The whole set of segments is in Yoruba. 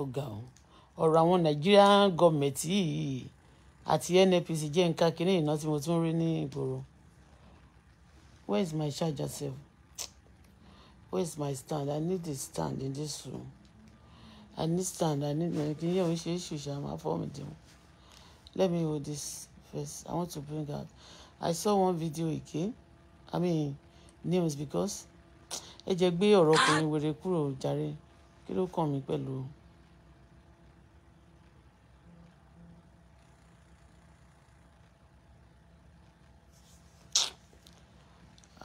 ó ga ọ́ ọ̀rọ̀ àwọn Nigerian government yìí àti NNPC jẹ́ nǹkan kínní iná tí mo tún rí ní ìgboro where is my charger sef where is my stand I need a stand in this room I need stand I need my kí n yẹ òun ṣe é ṣùṣà máa fọ́ mi dìbò let me hold this first I want to bring out I saw one video again I mean news because ẹ jẹ́ gbé ọ̀rọ̀ ọkùnrin wèrè kúrò jàre kí ló kàn mí pẹ̀lú.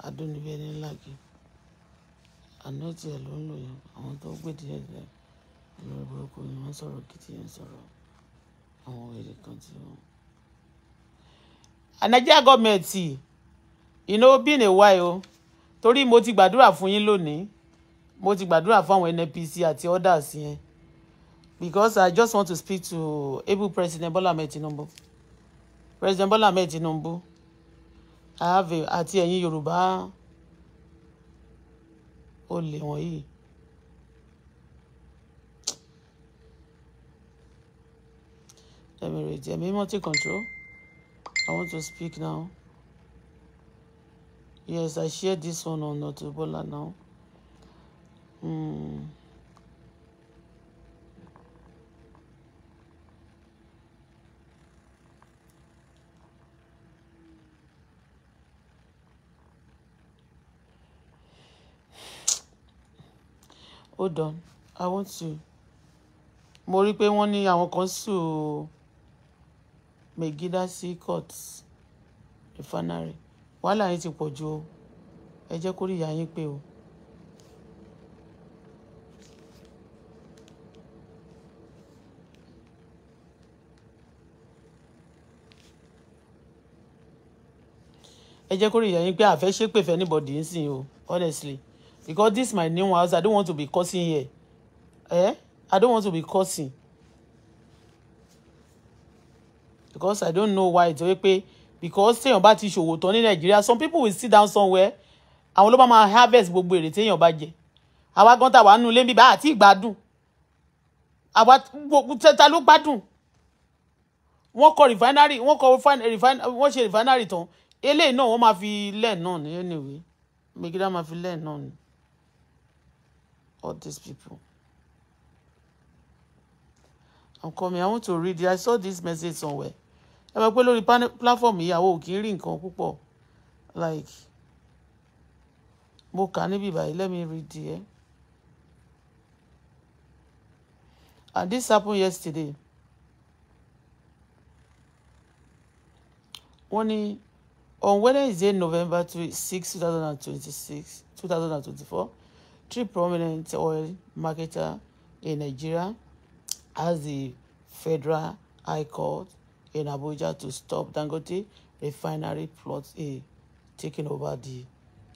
adónibí ẹni ńlá kí àná tiẹ̀ ló ń lò yẹn àwọn tó gbé díẹ̀ díẹ̀ lórí burúkú ni wọ́n sọ̀rọ̀ kìtì yẹn sọ̀rọ̀ àwọn èrè kan tí wọ́n. Nigeria government iná bíìn èwà o torí mo ti gbàdúrà fún yín lónìí mo ti gbàdúrà fún àwọn NNPC àti others yẹn because I just want to speak to able President Bola Ahmed Tinubu President Bola Ahmed Tinubu I have a àti ẹ̀yin Yorùbá olè wọ̀nyí. Let me read. Ẹ̀mí mọ́ take control. I want to speak now. Yes, I share this one on Auto Bola now. Mm. Hold on. I want to. Mo rí pé wọ́n ní àwọn kan sùn o. Megiddo Court Refinery. Wàhálà yín ti pọ̀ jù o. Ẹ jẹ́ kó rí ìyá yín pé o. ẹ jẹ́ kó rí ìyá yín pé àfẹ́ ṣépè fẹ́ anybody ń sìn o honestly because this my new house i don't want to be cursing here eh i don't want to be cursing because i don't know why ìtọ́wé pé because téèyàn bá ti ṣòwò tán ní nàìjíríà some people will sit down somewhere àwọn ló bá máa harvest gbogbo èrè téèyàn bá jẹ àwa gan ta wà nù lé bíbá àti ìgbádùn àwa tẹta ló gbádùn wọ́n kọ́ refinery wọ́n kọ́ wọ́n ṣe refinery tán eléyìí náà wọ́n máa fi lẹ́ẹ̀ náà ní anyway gbẹgídá máa fi lẹ́ẹ̀ náà all these people. I'm coming. I want to read it. I saw this message somewhere. ẹ mọ̀ pé lórí platform here. àwọn ò kì í rí nǹkan púpọ̀ like mo kà let me read it. Eh? and this happened yesterday. wọ́n ní on Wednesday November six two thousand and twenty-six two thousand and twenty-four three prominent oil marketer in Nigeria asked the Federal High Court in Abuja to stop Dangote refinery plot A taking over the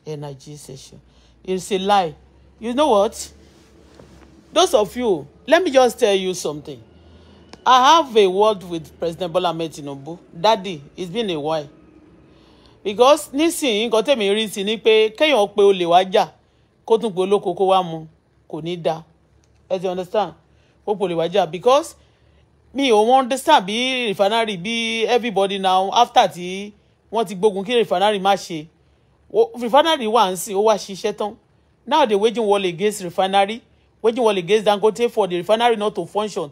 energy session. It's a lie. You know what? Those of you, let me just tell you something. I have a word with President Bola Ahmed Tinubu. Daddy, it's been a while. Because nísìnyí nǹkan tẹ̀mí rí sí ni pé kéèyàn pé kó tún pé olóko kó wá mu kò ní da ẹ ti understand ó pò lè wájà because mi ò wọ́n understand bí refinery bí everybody now after tí wọ́n ti gbógun kí refinery má ṣe refinery wà ń sìn ó wá ṣiṣẹ́ tán now they waging war against refinery waging war against Dangote for the refinery not to function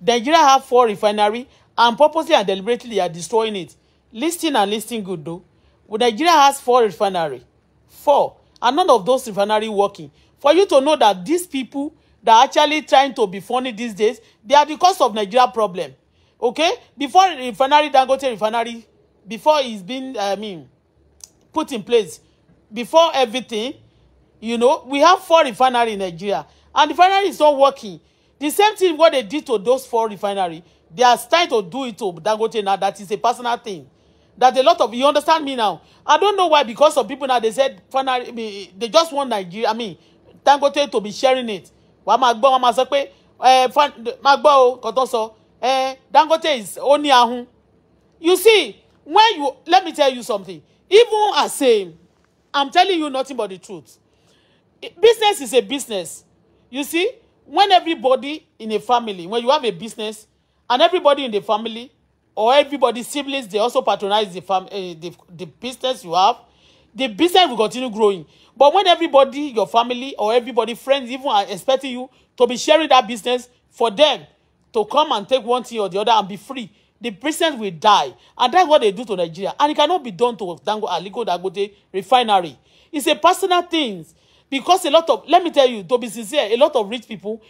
Nigeria have four refinery and purposely and deliberately are destroying it listen and listen good though well, Nigeria has four refinery four and none of those refinery working for you to know that these people that actually trying to be funny these days they are the cause of Nigeria problem okay before refinery Dangote refinery before it's been I mean put in place before everything you know we have four refinery in Nigeria and the refinery is not working the same thing what they did to those four refinery they are trying to do it to Dangote now that is a personal thing that a lot of you understand me now i don't know why because of people now they said finally they just want nigeria i mean thank Dangote to be sharing it wàá máa gbọ́ wàá máa sọ pé ẹ eh, máa gbọ́ o kò tó sọ eh, Dangote is only ní ahun you see when you let me tell you something even as a i'm telling you nothing but the truth business is a business you see when everybody in a family when you have a business and everybody in the family or everybody siblings they also patronize the farm uh, eh, the, the business you have the business will continue growing but when everybody your family or everybody friends even are expecting you to be sharing that business for them to come and take one thing or the other and be free the business will die and that's what they do to Nigeria and it cannot be done to Dango Aliko Dangote refinery it's a personal thing because a lot of let me tell you to be sincere a lot of rich people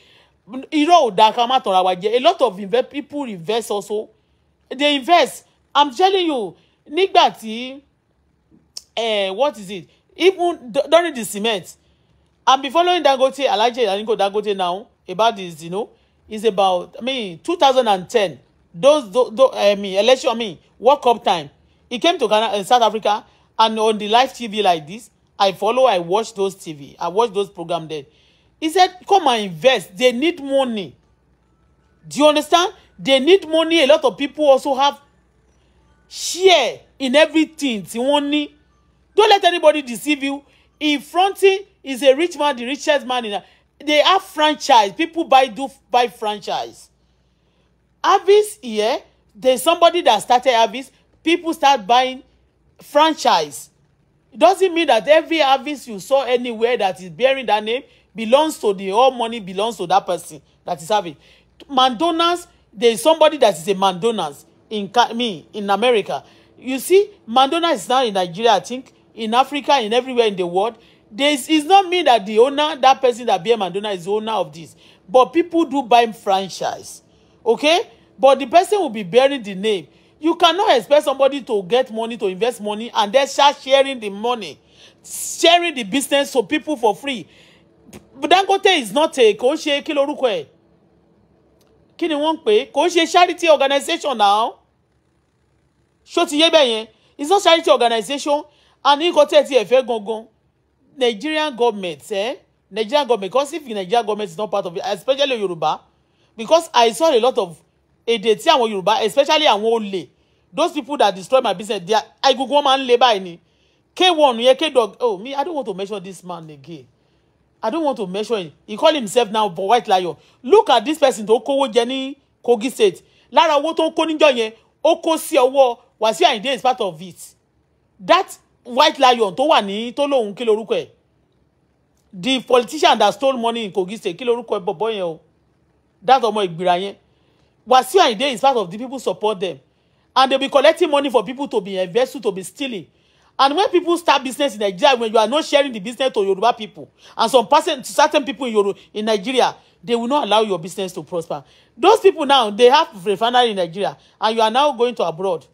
Iro ò da ká má a lot of invest people invest also they invest i'm telling you nígbà tí uh, what is it even during the cement i'm be following Dangote Alhaji Aliko Dangote now about this you know it's about i mean 2010 those those, those i mean election i mean World Cup time he came to Ghana uh, South Africa and on the live TV like this I follow I watch those TV I watch those program there he said come and invest they need money do you understand they need money a lot of people also have share in everything tí wọ́n ní don't let anybody deceive you in fronting is a rich man the richest man in they have franchise people buy do buy franchise Avis here there's somebody that started Avis people start buying franchise it doesn't mean that every Avis you saw anywhere that is bearing that name belongs to the all money belongs to that person that is having McDonald's there is somebody that is a McDonald's in me in America. You see, McDonald's is now in Nigeria, I think, in Africa, in everywhere in the world. There is, it's not me that the owner, that person that bear McDonald's is the owner of this. But people do buy franchise. Okay? But the person will be bearing the name. You cannot expect somebody to get money, to invest money, and then start sharing the money, sharing the business so people for free. Dangote is not a kò ń ṣe kí lorúkọ ẹ̀ kí ni wọ́n ń pè é kò ń ṣe charity organization now ṣó ti yé bẹ́ẹ̀ yẹn it's not charity organization and nǹkan tẹ̀ ti ẹ̀ fẹ́ gangan Nigerian government eh? Nigerian government because if Nigerian government is not part of it especially Yoruba because I saw a lot of èdè tí àwọn Yorùbá especially àwọn olè those people that destroy my business they are egungun wọn máa ń le báyìí ni k one yẹn k dog oh me I don't want to mention this man again I don't want to mention. it. He call himself now but white lion. Look at this person tó kówó jẹ ní Kogi state. Lara owó tó ń kó níjọ́ yẹn, ó kó sí ọwọ́ Wàsíù Àyìndé is part of it. That white lion tó wà ní tó lóun kí lorúkọ ẹ̀. The politician that stole money in Kogi state kí lorúkọ ẹ̀ bọ̀bọ̀ yẹn o. That ọmọ ìgbìrà yẹn. Wàsíù Àyìndé is part of the people support them. And they be collecting money for people to be embezzled, to be stealing. And when people start business in Nigeria, when you are not sharing the business to Yoruba people, and some person, certain people in, Yoruba, in Nigeria, they will not allow your business to prosper. Those people now, they have refinery in Nigeria, and you are now going to abroad.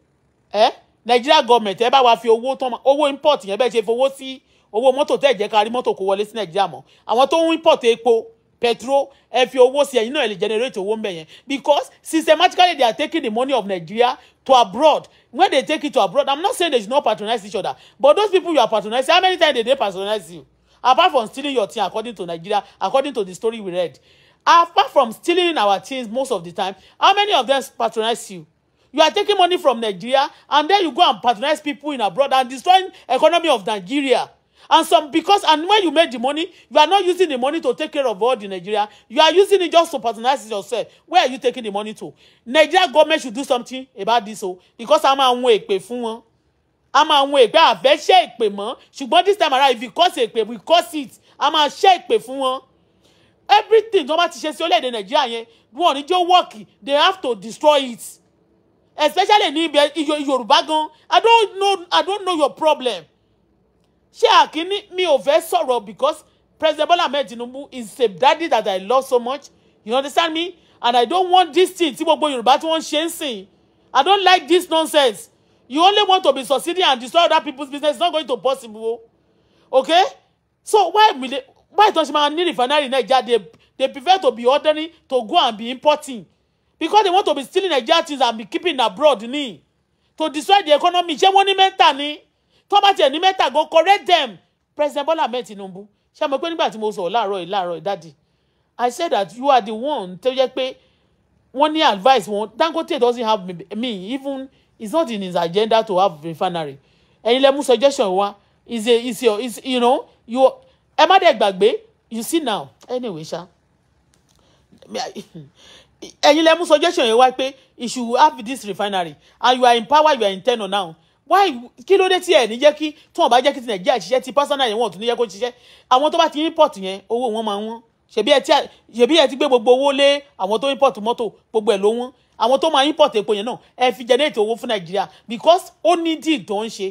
Eh? Nigeria government, ẹ bá wa fi owó tán, owó import you bẹ́ẹ̀ ṣe you sí owó mọ́tò tẹ́ jẹ́ ká rí mọ́tò kó wọlé sí Nigeria mọ́. Àwọn tó ń import epo, petrol ẹ fi owó sí ẹ̀yin náà ẹ lè generate owó mbẹ yẹn because systematically they are taking the money of Nigeria to abroad when they take it to abroad I'm not saying they should not patronize each other but those people you are patronizing how many times did they patronize you apart from stealing your thing according to Nigeria according to the story we read apart from stealing our things most of the time how many of them patronize you you are taking money from Nigeria and then you go and patronize people in abroad and destroying economy of Nigeria and some because and when you make the money you are not using the money to take care of all the Nigeria you are using it just to patronize yourself where are you taking the money to Nigeria government should do something about this Oh, because a máa ń wo èpè fún wọn a máa ń wo èpè àfẹ́ ṣe èpè mọ́ ṣùgbọ́n this time around if you cause èpè we cause it a máa ṣe èpè fún wọn everything tó bá ti ṣe sí orílẹ̀-èdè Nàìjíríà yẹn wọn work they have to destroy it especially in your Yorùbá gan I don't know I don't know your problem ṣé àkíní mi ò fẹ́ sọ̀rọ̀ because President Bola Ahmed Tinubu is the daddy that I love so much you understand me and I don't want this thing tí gbogbo Yorùbá tí wọ́n ṣe ń sìn I don't like this nonsense you only want to be succeeding and destroy other people's business it's not going to possible okay so why we dey why don't man need refinery naija dey dey prefer to be ordering to go and be importing because they want to be stealing naija things and be keeping abroad ni to destroy the economy ṣé wọ́n ní mẹ́ta ni tó bá tiẹ̀ ní mẹ́ta go correct them president bola ahmed tinubu ṣe mọ̀ pé nígbà tí mo sọ̀rọ̀ láàárọ̀ yìí láàárọ̀ yìí dáàdì i said that you are the one tó jẹ́ pé wọ́n ní advice wọn dangote doesn't have me even it's not in his agenda to have refinery ẹ̀yin lẹ́mú suggestion wa is a is your is you know you ẹ má dẹ̀ gbàgbé you see now anyway ṣá ẹ̀yin lẹ́mú suggestion yẹn wá pé you should have this refinery and you are in power you are in ten or now why kí ló dé tí ẹ ní jẹ́ kí tí wọ́n bá jẹ́ kí ti nàìjíríà ṣiṣẹ́ ti personal yẹn wọ́n tún ní jẹ́ kó ṣiṣẹ́ àwọn tó bá ti import yẹn owó wọn máa wọ́n ṣebí ẹ ti gbé gbogbo owó lé àwọn tó import mọ́tò gbogbo ẹ̀ ló wọ́n àwọn tó máa import epo yẹn náà ẹ fi generate owó fún nàìjíríà because ó ní deal tó ń ṣe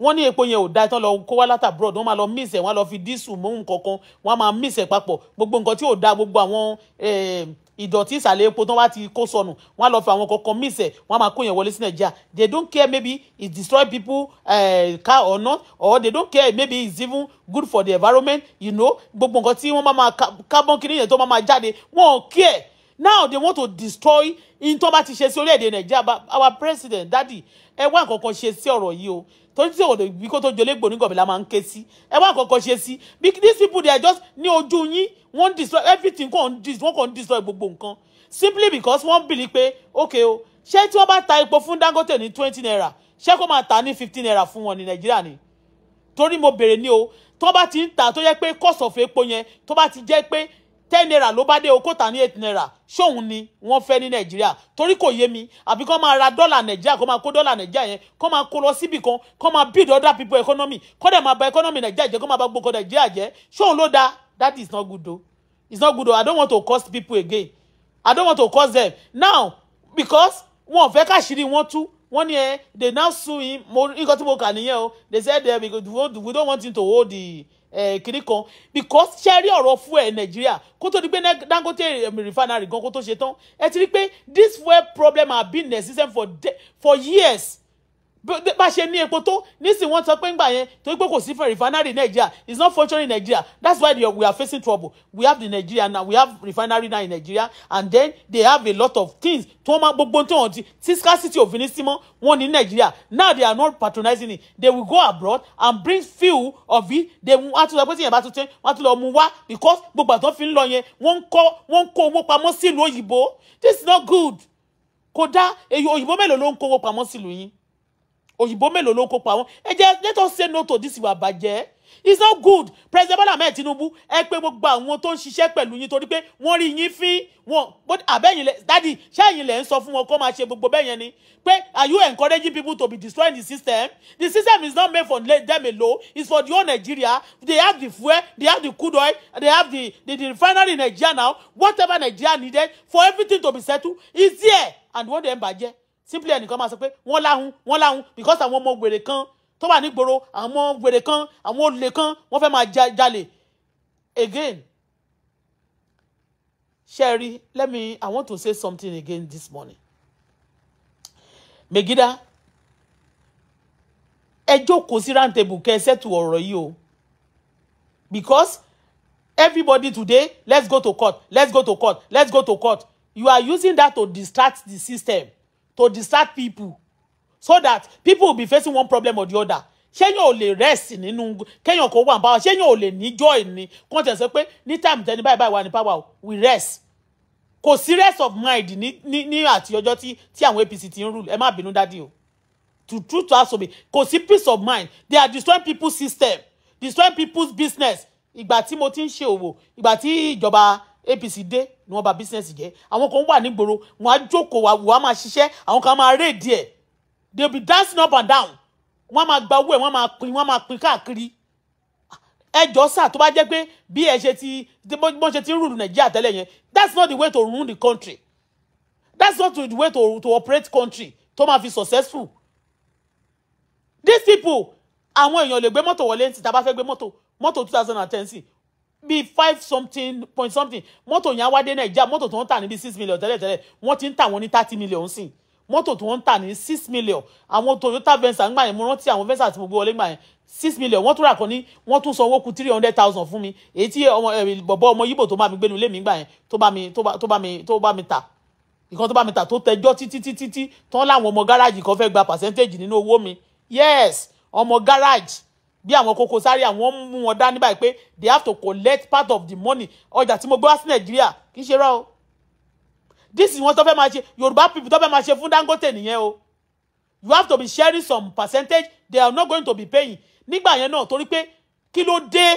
wọ́n ní epo yẹn ò da tán lọ kó wá láti abroad wọ́n máa lọ mix ẹ̀ wọ́n á lọ fi dísù mọ́ nǹkan kan wọ́n á máa mix ẹ̀ papọ̀ gbogbo nǹkan tí ò da gbogbo àwọn eh, ìdọ̀tí ìsàlẹ̀ epo tí wọ́n ti kó sọnù wọ́n á lọ fi àwọn kankan mí ìsẹ̀ á máa kó yẹn wọlé sí nàìjíríà they don't care maybe it destroy people uh, car or not or they don't care maybe it's even good for the environment you know gbogbo nǹkan tí wọ́n máa máa carbon kiri yẹn tó máa máa jáde wọ́n ò care now they want to destroy in tó bá ti ṣe sí orílẹ̀-èdè nàìjíríà our president daddy ẹ wá nǹkan kan ṣe sí ọ̀rọ̀ yìí o torí tí òde bí kó tó jọlé gbòní gọ̀bí la máa ń ké sí ẹ wá kọ́kọ́ ṣe sí bí these people they are just ní ojú yín wọ́n destroy everything wọ́n kàn destroy gbogbo nǹkan simply because wọ́n bìlí pé okay o ṣé tí wọ́n bá ta epo fún Dangote ní twenty naira ṣé kó máa ta ní fifteen naira fún wọn ní Nàìjíríà ni torí mo béèrè ní o tó bá ti ń ta tó yẹ pé cost of epo yẹn tó bá ti jẹ́ pé ten naira ló bá dé okòtà ní eight naira ṣóun ni wọ́n fẹ́ ní nàìjíríà torí kò yé mi àbí kọ́ máa ra dọ́là nàìjíríà kọ́ máa kó dọ́là nàìjíríà yẹn kọ́ máa kó lọ síbì kan kọ́ máa build other people economy kọ́ dẹ̀ máa bà economy nàìjíríà jẹ́ kọ́ máa bà gbogbo nàìjíríà jẹ́ ṣóun ló da that is not good o it's not good o i don't want to cost people again i don't want to cost them now because wọn ò fẹ́ káṣírí wọn tú wọ́n ní ẹ they now sue him mo nǹkan tí mo kà nìyẹn o they said uh, we don't want him to hold the Eh, kiri kan because ṣe rí ọ̀rọ̀ fún ẹ̀ nàìjíríà kó tó di pé dangote um, refinery gan kó tó ṣe tán ẹ ti rí pé this fuel problem has been necessary for, for years bá ṣe ní epo tó nísìnyí wọ́n sọ pé ńgbà yẹn torí pé kò sí fẹ́ refinery in Nigeria it's not functioning in Nigeria that's why they, we are facing trouble we have the Nigeria now we have refinery now in Nigeria and then they have a lot of things tó máa gbogbo tó hàn tí scarcity òfin ní símọ́ wọn ní Nigeria now they are not patronizing it they will go abroad and bring few of it they wọ́n á tún lọ pé tí yẹn bá tún tẹ́ wọ́n tún lọ mú wá because gbogbo àtọ́ fi ń lọ yẹn wọ́n ń kọ́ wọ́n ń kó owó pamọ́ sílùú òyìnbó this is not good kódà èyí òyìnbó mélòó ló ń kówó pamọ́ sílùú yín òyìnbó mélòó ló kópa wọn ẹ jẹ́ let us say no to this ìwà bàjẹ́ it's not good president Bola Ahmed Tinubu ẹ pé gbogbo àwọn tó ń ṣiṣẹ́ pẹ̀lú yín torí pé wọ́n rí yín fín wọn àbẹ́yìn lẹ dádì ṣẹ́yìn lẹ ń sọ fún wọn kó máa ṣe gbogbo bẹ́ẹ̀ yẹn ni pé are you encouraging people to be destroying the system the system is not made for them alone it's for the whole Nigeria they have the fuel they have the crude oil they have the the, the refinery in Nigeria now whatever Nigeria needed for everything to be settled is there and wọ́n dẹ̀ ń bàjẹ́ simply ẹnìkan máa sọ pé wọ́n láhùn wọ́n láhùn because àwọn ọmọ wèrè kan tó wà nígboro àwọn ọmọ wèrè kan àwọn olè kan wọ́n fẹ́ máa jalè again Sherry, let me, I want to say something again this morning. Megida, ẹ jókòó sí round table kẹ́ ẹ settle ọ̀rọ̀ yìí o. Because everybody today, let's go to court, let's go to court, let's go to court. You are using that to distract the system to distract people so that people will be facing one problem or the other ṣéyàn ò lè rest nínú kéyàn kó wà ní power ṣéyàn ò lè ní joy ní kàn tẹ̀ sọ pé ní time tẹni báyìí báyìí wà ní power we rest kò sí rest of mind ní ní ní àti ọjọ́ tí tí àwọn APC ti ń rule ẹ má bínú dádì o to truth to asobe kò sí peace of mind they are destroying people's system destroying people's business ìgbà tí mo ti ń ṣe òwò ìgbà tí ìjọba apc dé ni wọ́n bà bísíǹsì jẹ́ àwọn kan wà nígboro wọ́n á jókòó wọ́n á máa ṣiṣẹ́ àwọn kan máa rédìí ẹ̀ they be dancing up and down wọ́n á máa gba owó ẹ̀ wọ́n á máa pín wọ́n á máa pín káàkiri ẹjọ́ sà tó bá jẹ́ pé bí ẹ ṣe ti bọ́n ṣe ti ń rúlu nàìjíríà tẹ́lẹ̀ yẹn that's not the way to run the country that's not the way to to operate country tó máa fi successful these people àwọn èèyàn lè gbé mọ́tò wọlé ní ti tá a bá fẹ́ gbé mọ́tò mọ́tò two thousand and ten sí bíi five something point something mọ́tò yẹn á wá dé nàìjíríà mọ́tò tó ń tà ní six million tẹ́lẹ̀tẹ́lẹ̀ wọ́n ti ń tà wọ́n ní thirty million sí mọ́tò tó ń tà ní six million àwọn toyota venza ń gbà yẹn mo rántí àwọn venza tí mo wọlé gbà yẹn six million wọ́n tún rà kan ní wọ́n tún sanwó ku three hundred thousand fún mi èyí tí ọmọ eh, bọ̀bọ̀ ọmọ yíbò tó bá mi gbénu lé mi gbà yẹn tó bá mi tó bá mi tó bá mi tà ìkan tó bá mi tà tó tẹjọ́ títí títí tán láwọn ọmọ gáràjì kan fẹ́ gba percentage nínú owó mi yes ọmọ gáràjì bí àwọn Koko Zaria àwọn mú wọn dání báyìí pé they have to collect part of the money ọjà tí mo gbé wá sí nàìjíríà kì í ṣe rà o this is wọn tó fẹ́ máa ṣe yorùbá people tó fẹ́ máa ṣe fún dangote nìyẹn o you have to be sharing some percentage they are not going to be paying nígbà yẹn náà torí pé kí ló dé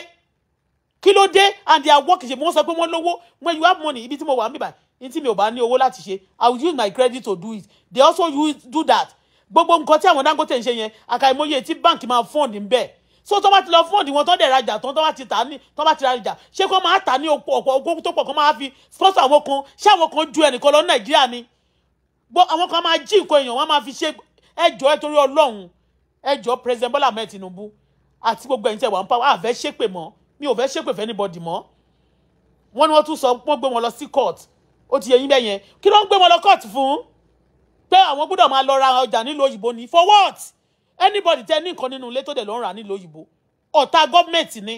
kí ló dé and their work ṣe wọ́n sọ pé wọ́n lówó when you have money ibi tí mo wà ń bíbà mi ò bá ní owó láti ṣe i will use my credit to do it they also use do that gbogbo nǹkan tí àwọn dangote ń ṣe yẹn àkàìmọye tí báǹkì máa fọ́ọ̀nì ń so tó bá ti lọ fún òdiwọ̀n tó dẹ̀ rajà tó tó bá ti tà ní tó bá ti rajà ṣé kó máa tà ní ọ̀pọ̀ ogún tó pọ̀ kó máa fi sponsor àwọn kan ṣé àwọn kan ju ẹnìkan lọ nàìjíríà ni gbọ́ àwọn kan máa jí nǹkan èèyàn wọ́n máa fi ṣe ẹjọ́ ẹ torí ọlọ́run ẹjọ́ president Bọ́lá Ahmed Tinubu àti gbogbo ẹ̀yin tẹ̀ wà ń pa á fẹ́ ṣépè mọ́ mi ò fẹ́ ṣépè fẹ́ anybody mọ́ wọ́n ní wọ́n tún sọ wọ́n gbé wọn lọ sí court ó ti yẹ yín bẹ́yẹn kí ló ń gbé wọn lọ court fún pé àwọn gbọ́dọ̀ máa lọ ra ọjà nílùú òyìnbó ni for what? anybody tẹ ní nǹkan nínú ilé tó dẹ̀ lọ ń rà nílùú òyìnbó ọ̀tá gọ́ọ̀mẹ̀ntì ni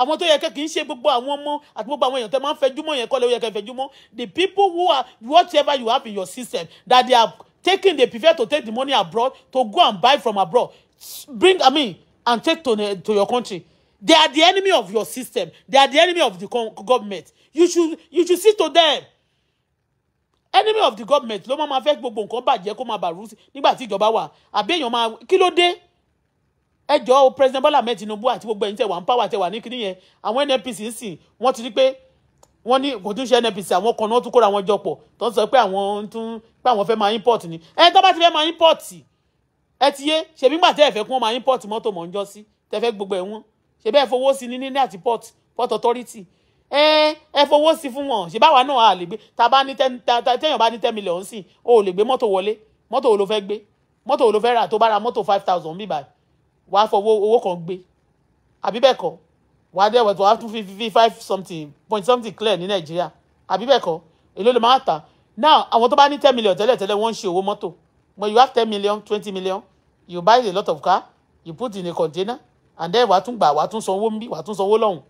àwọn tó yẹ kẹ́ kì í ṣe gbogbo àwọn ọmọ àti gbogbo àwọn èèyàn tẹ máa ń fẹjúmọ́ yẹn kọ́ lè yẹ kẹ́ fẹjúmọ́ the people who are whatever you have in your system that they are taking they prefer to take the money abroad to go and buy from abroad bring i mean and take to, to your country they are the enemy of your system they are the enemy of the government you should you should sit to them enemy of the government ló máa fẹ́ gbogbo nǹkan bàjẹ́ kó máa bàrú nígbà tí ìjọba wà àbí èèyàn máa kí ló dé ẹjọ́ president Bola Ahmed Tinubu àti gbogbo ẹ̀yin tẹ̀ wá ń pàwọ́ àtẹ̀wà ní kíní yẹn àwọn NNPC ń sìn wọ́n ti rí pé wọ́n ní kò tún ṣe NNPC àwọn kan náà tún kóra wọn jọ pọ̀ tó ń sọ pé àwọn tún pé àwọn fẹ́ máa import ni ẹ tó bá ti fẹ́ máa import ẹ ti yé ṣèbí ńgbà tẹ́ ẹ fẹ́ kí wọ́n máa import mọ́tò mọ́ ń jọ sí tẹ́ fẹ́ gbogbo ẹ̀ wọ́n ṣèbí ẹ fowó sí ní ní àti port port authority ẹ ẹ fowó sí fún wọn ṣe báwa náà a lè gbé ta bá ní tẹ́yàn bá ní ten million sí o lè gbé mọ́tò wọlé mọ́tò wo ló fẹ́ gbé mọ́tò wo ló fẹ́ rà tó bá ra mọ́tò five thousand bí báyìí wàá fọwọ́ owó kan gbé àbí bẹ́ẹ̀ kọ́ wàá dẹ́wọ̀ tó wàá tún fi five something point something clear ní nàìjíríà àbí bẹ́ẹ̀ kọ́ èló ló máa tà now àwọn tó bá ní ten million tẹ́lẹ̀ tẹ́lẹ̀ wọ́n ń ṣe owó mọ́tò when you have ten million twenty million you buy a lot of car you put in a container and then wàá tún gbà wàá tún sanwó ń bí wàá tún sanwó lọ́hùn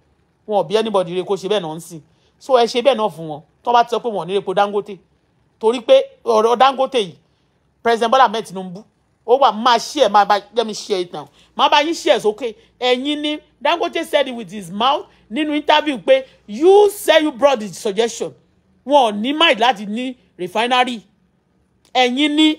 wọn ò bí anybody rè kó ṣe bẹ́ẹ̀ náà ń sìn so ẹ ṣe bẹ́ẹ̀ náà fún wọn tó bá ti sọ pé wọn ò ní epo Dangote torí pé ọ̀rọ̀ Dangote yìí President Bola Ahmed Tinubu ó wà máa ṣí ẹ máa bá let me share it now máa bá yín share it okay ẹ̀yin ni Dangote said it with his mouth nínú interview pé you say you brought the suggestion wọn ò ní mind láti ní refinery ẹ̀yin ni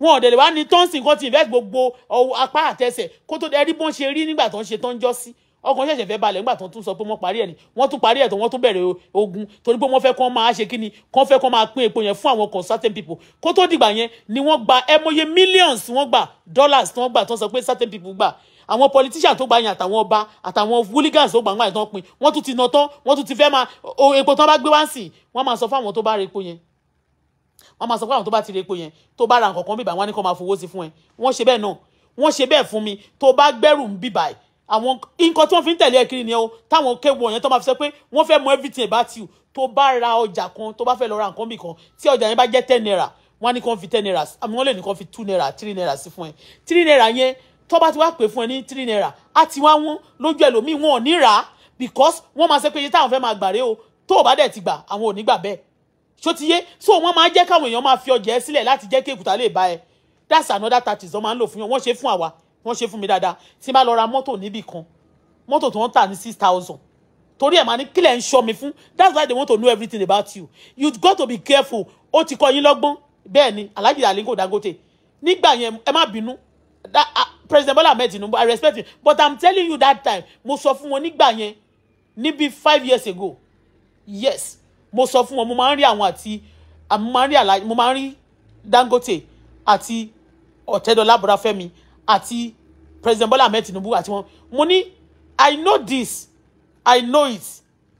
wọn ò dẹ̀lẹ̀ wá ní tọ́ǹsì kan ti invest gbogbo apá àtẹsẹ̀ kó tó ẹrí bọ́n ṣe rí nígbà tó ń ṣe tó ń jọ́ sí ọkàn ṣẹ̀ṣẹ̀ fẹ́ balẹ̀ nígbà tó tún sọ pé wọ́n parí ẹ̀ ni wọ́n tún parí ẹ̀ tó wọ́n tún bẹ̀rẹ̀ ogun torí pé wọ́n fẹ́ kán máa ṣe kíni kán fẹ́ kán máa pín epo yẹn fún àwọn kan certain people kó tó dìgbà yẹn ni wọ́n gba ẹmọye millions wọ́n gbà dollars tí wọ́n gbà tó sọ pé certain people gbà àwọn politician tó gba yẹn àtàwọn ọba àtàwọn hooligans tó gbàngbà ìtàn pin wọ́n tún ti nà tán wọ́n tún ti fẹ́ máa epo tán bá gbé wá sí wọ́n máa sọ fáwọn tó bá re epo yẹn wọ́n máa sọ fáwọn tó bá ti re epo yẹn tó bá ra nǹkan kan bíbà wọ́n á ní kó máa fowó sí fún ẹ wọ́n ṣe bẹ́ẹ̀ náà wọ́n ṣe bẹ́ẹ̀ fún mi tó bá gbẹ́rù ń bíbà ẹ̀ àwọn nǹkan tí wọ́n fi ń tẹ̀lé ẹ kiri nìyẹn o táwọn kéwòn yẹn tó máa fi sọ pé wọ́n fẹ́ mọ everything about you tó bá ra ọjà kan tó bá fẹ́ lọ ra nǹkan bì kan tí ọjà yẹn bá jẹ́ ten naira wọ́n á ní kàn fi ten naira àmì wọ́n lè ní kàn fi two naira three naira sí fún ẹ three naira yẹn tó bá ti wá pè fún ẹ ní three naira á ti wá wọ́n lójú ẹlòmíì wọn ò ní rà á because wọ́n máa sọ pé iye táwọn fẹ́ máa gbà rè o tó o bá dẹ̀ ti gbà àwọn ò ní gbà bẹ́ẹ̀ ṣó ti yé so wọ́n máa jẹ́ káwọn èèyàn máa fi ọjà ẹ sílẹ̀ láti jẹ́ kí èkúta lè that's another tactics wọ́n máa ń lò fún yàn wọ́n ṣe fún àwa wọ́n ṣe fún mi dáadáa tí n bá lọ ra mọ́tò níbì kan mọ́tò tí wọ́n tà ní six thousand torí ẹ̀ máa ní kílẹ̀ ń ṣọ́ mi fún that's why they want to know everything about you you got to be careful ó ti kọ́ yín lọ́gbọ́n bẹ́ẹ̀ ni Alhaji Aliko Dangote nígbà yẹn ẹ má bínú President Bola Ahmed Tinubu I respect you but I'm telling you that time mo sọ fún wọn nígbà yẹn níbi five years ago yes mo sọ fún wọn mo máa ń rí àwọn àti mo máa ń rí Dangote àti Ọ̀tẹ́dọ́lá Bọ́láfẹ́mi àti president bola ahmed tinubu àti wọn mo ní i know this i know it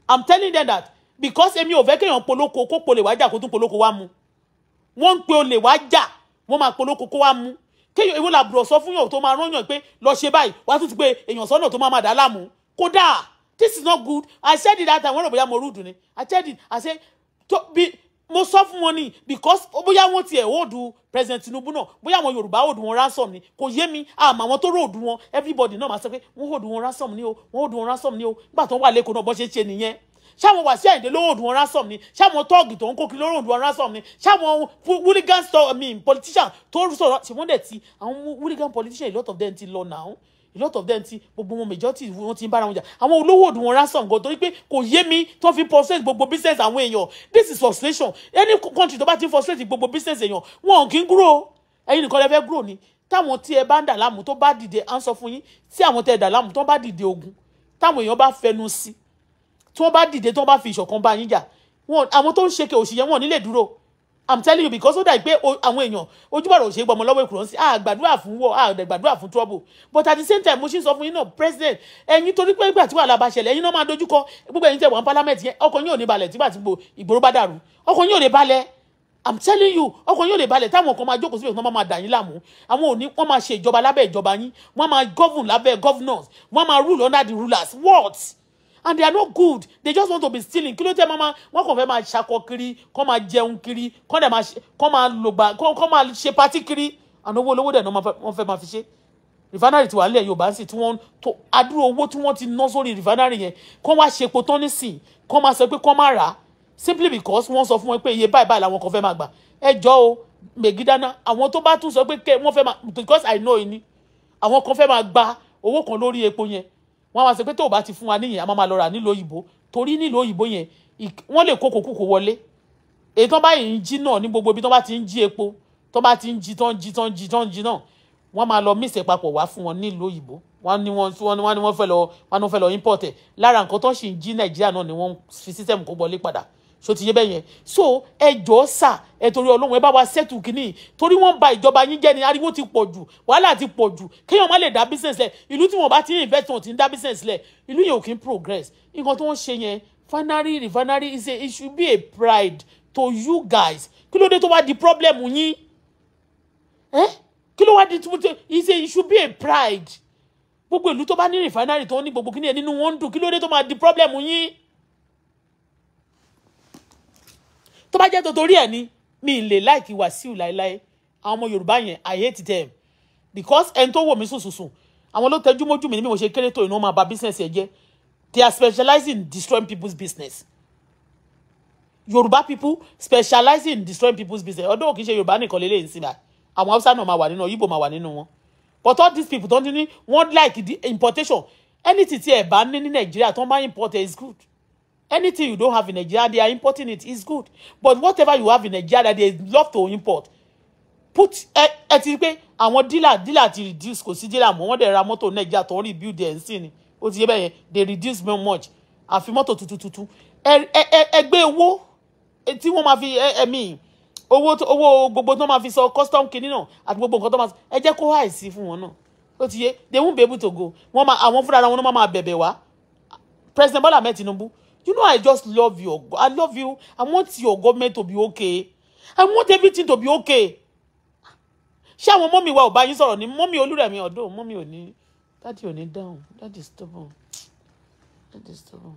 i'm telling them that because èmi ò fẹ́ kéèyàn polóko kó polè wá jà kó tún polóko wá mu wọ́n ń pe olè wá jà wọ́n máa polóko kó wá mu kéèyàn èwo làbúrò sọ fún yàn tó máa rán yàn pé lọ ṣe báyìí wàá tún ti pé èèyàn sọ́nà tó máa máa dà láàmú kódà this is not good i said it that time wọ́n rò bóyá mo rúdùn ni i said it i said to be mo sọ fún wọn ni because bóyá wọn tiẹ̀ òòdù president Tinubu náà bóyá àwọn Yorùbá òòdù wọn ransom ni kò yé mi àmọ́ àwọn tó ròòdù wọn everybody náà máa sọ pé wọn òòdù wọn ransom ni o wọn òòdù wọn ransom ni o nígbà tó wà lẹ́kọ̀ọ́ náà bó ṣe ṣe nìyẹn ṣáwọn Wàsíù Àyìndé ló wọn ransom ni ṣáwọn tọ́ọ̀gì tó ń kókiri ló òòdù wọn ransom ni ṣáwọn hooligan politician tó sọ̀rọ̀ ṣùgbọ́n dẹ̀ ti àwọn hooligan politician a lot of them ti lọ now a lot of them ti gbogbo wọn majority wọn ti ń bára wọn jà àwọn olówó òdùn wọn ransom gan torí pé kò yé mi tó fi process gbogbo business àwọn èèyàn this is frustration any country tó bá ti frustrate gbogbo business èèyàn wọn kì í grow ẹ̀yin nìkan lè fẹ́ grow ni táwọn tí ẹ bá ń dà láàmú tó bá dìde à ń sọ fún yín tí àwọn tẹ dà láàmú tó bá dìde ogun táwọn èèyàn bá fẹnu sí tí wọ́n bá dìde tí wọ́n bá fi ìṣọ̀kan bá yín jà àwọn tó ń ṣe kè òṣìyẹ wọn nílè dúró i'm telling you because ó dà pé àwọn èèyàn ojúbọ̀rọ̀ òṣèré gbọmọ lọ́wọ́ èkùrọ̀ ń sí àgbàdúrà fún wọ àgbàdúrà fún trouble but at the same time mo ṣe ń sọ fún yín náà president ẹ̀yin torí pé ìgbà tí wàhálà bá ṣẹlẹ̀ ẹ̀yin náà máa dojúkọ gbogbo ẹ̀yin tẹ̀ wọ́n parliament yẹn ọkọ̀ yín ò ní balẹ̀ tígbà tí ìgboro bá dàrú ọkọ̀ yín ò ní balẹ̀ i'm telling you ọkọ̀ yín ò lè balẹ̀ táwọn kan máa jókòó síbi kan máa dà yín láàmú àwọn òní wọ́n máa ṣe ìjọba lábẹ́ ìjọba yín wọ́n máa govern lábẹ́ governors wọ́n máa rule under the rulers what and they are not good they just want to be stealing kí ló tẹ mama wọn kàn fẹ́ máa ṣakọ kiri kọ́ máa jẹun kiri kọ́ dẹ̀ máa lògbà kọ́ máa ṣe pati kiri àwọn owó olówó dẹ̀ náà wọ́n fẹ́ máa fi ṣe refinery ti wà lẹ̀ Yorùbá sì tí wọ́n tó adúrò owó tí wọ́n ti ná sórí refinery yẹn kọ́ wá ṣe epo tán nísìn kọ́ máa sọ pé kọ́ máa rà á simply because wọ́n sọ fún wọn pé iye báyìí báyìí làwọn kan fẹ́ máa gbà ẹ jọ o mègídáná àwọn tó bá tún sọ pé kẹ́ wọ́n fẹ́ máa because I know ìní àwọn kan fẹ́ máa gba owó kan lórí epo yẹn wọ́n wá sọ pé tó o bá ti fún wa níyẹn a máa ma lọ rà nílùú òyìnbó torí nílùú òyìnbó yẹn wọ́n lè kókò kúkò wọlé èyí tó báyìí ń jí náà ní gbogbo ibi tó bá ti ń jí epo tó bá ti ń jí tán jí tán jí tán jí náà wọ́n máa lọ mísè papọ̀ wá fún wọn nílùú òyìnbó wọ́n ní wọ́n wọ́n ní wọ́n fẹ́ lọ wọ́n ní wọ́n fẹ́ lọ import ẹ̀ lára nǹkan tó sì ń jí nàìjíríà náà ni wọ́n fi sísẹ̀mù kó wọlé padà so ti yé bẹ́ẹ̀ yẹn so ẹ jọ sà ẹ torí ọlọ́run ẹ bá wa ṣètù kínní torí wọ́n ba ìjọba yín jẹ́ ni ariwo ti pọ̀ jù wàhálà ti pọ̀ jù kéèyàn má lè dá business lẹ̀ ìlú tí wọ́n bá ti ń invest wọn ti ń dá business lẹ̀ ìlú yẹn ò kí ń progress nǹkan tó ń ṣe yẹn finery refinery is a it should be a pride to you guys kí ló dé tó wá di problem yín ẹ eh? kí ló wá di it it should be a pride gbogbo ìlú tó bá ní refinery tó ní gbogbo kí ni ẹ nínú wọn ń dùn kí ló dé tó máa di problem yín. tó bá jẹ́ torí ẹ̀ ni mi lè láìkí Wàsíù láéláé àwọn ọmọ Yorùbá yẹn I hate them because ẹni tó wò mí sùnsùnsùn àwọn ló tẹjú mi ní mo ṣe kéré tó ìnáwó máa business ẹ jẹ́ they are specializing in destroying people's business Yorùbá people specializing in destroying people's business ọdún kì í ṣe Yorùbá nìkan lélẹ́yìn sí báyìí àwọn Hausa náà máa wà nínú wọn Igbo máa wà nínú wọn but all these people don ní wọn like the importation anything tí ẹ bá ní ní Nàìjíríà tó ń bá import ẹ is good Anything you don't have in Nigeria, they are importing it. It's good. But whatever you have in Nigeria that they love to import, put ẹ ti pé àwọn dealer dealer ti reduce kò sí dílà mọ́ wọ́n dẹ̀ ra mọ́tò Nigeria to ń rebuild their scene. sìn ni ó they reduce very much àfi mọ́tò to to ẹgbẹ́ owó tí wọ́n máa fi ẹ̀mí owó owó gbogbo tó máa fi sọ custom kìíní náà àti gbogbo nǹkan tó máa sọ ẹ jẹ́ kó àìsí fún wọn náà ó ti yé they won't be able to go wọ́n máa àwọn fúnra wọn náà máa bẹ̀bẹ̀ wá President Bola met Tinubu you know i just love you i love you i want your government to be okay i want everything to be okay ṣé àwọn mommy wa ò you yín Mommy, you look at me or do? Mommy, dáàdì ò ní dáhùn dáàdì stubborn dáàdì stubborn.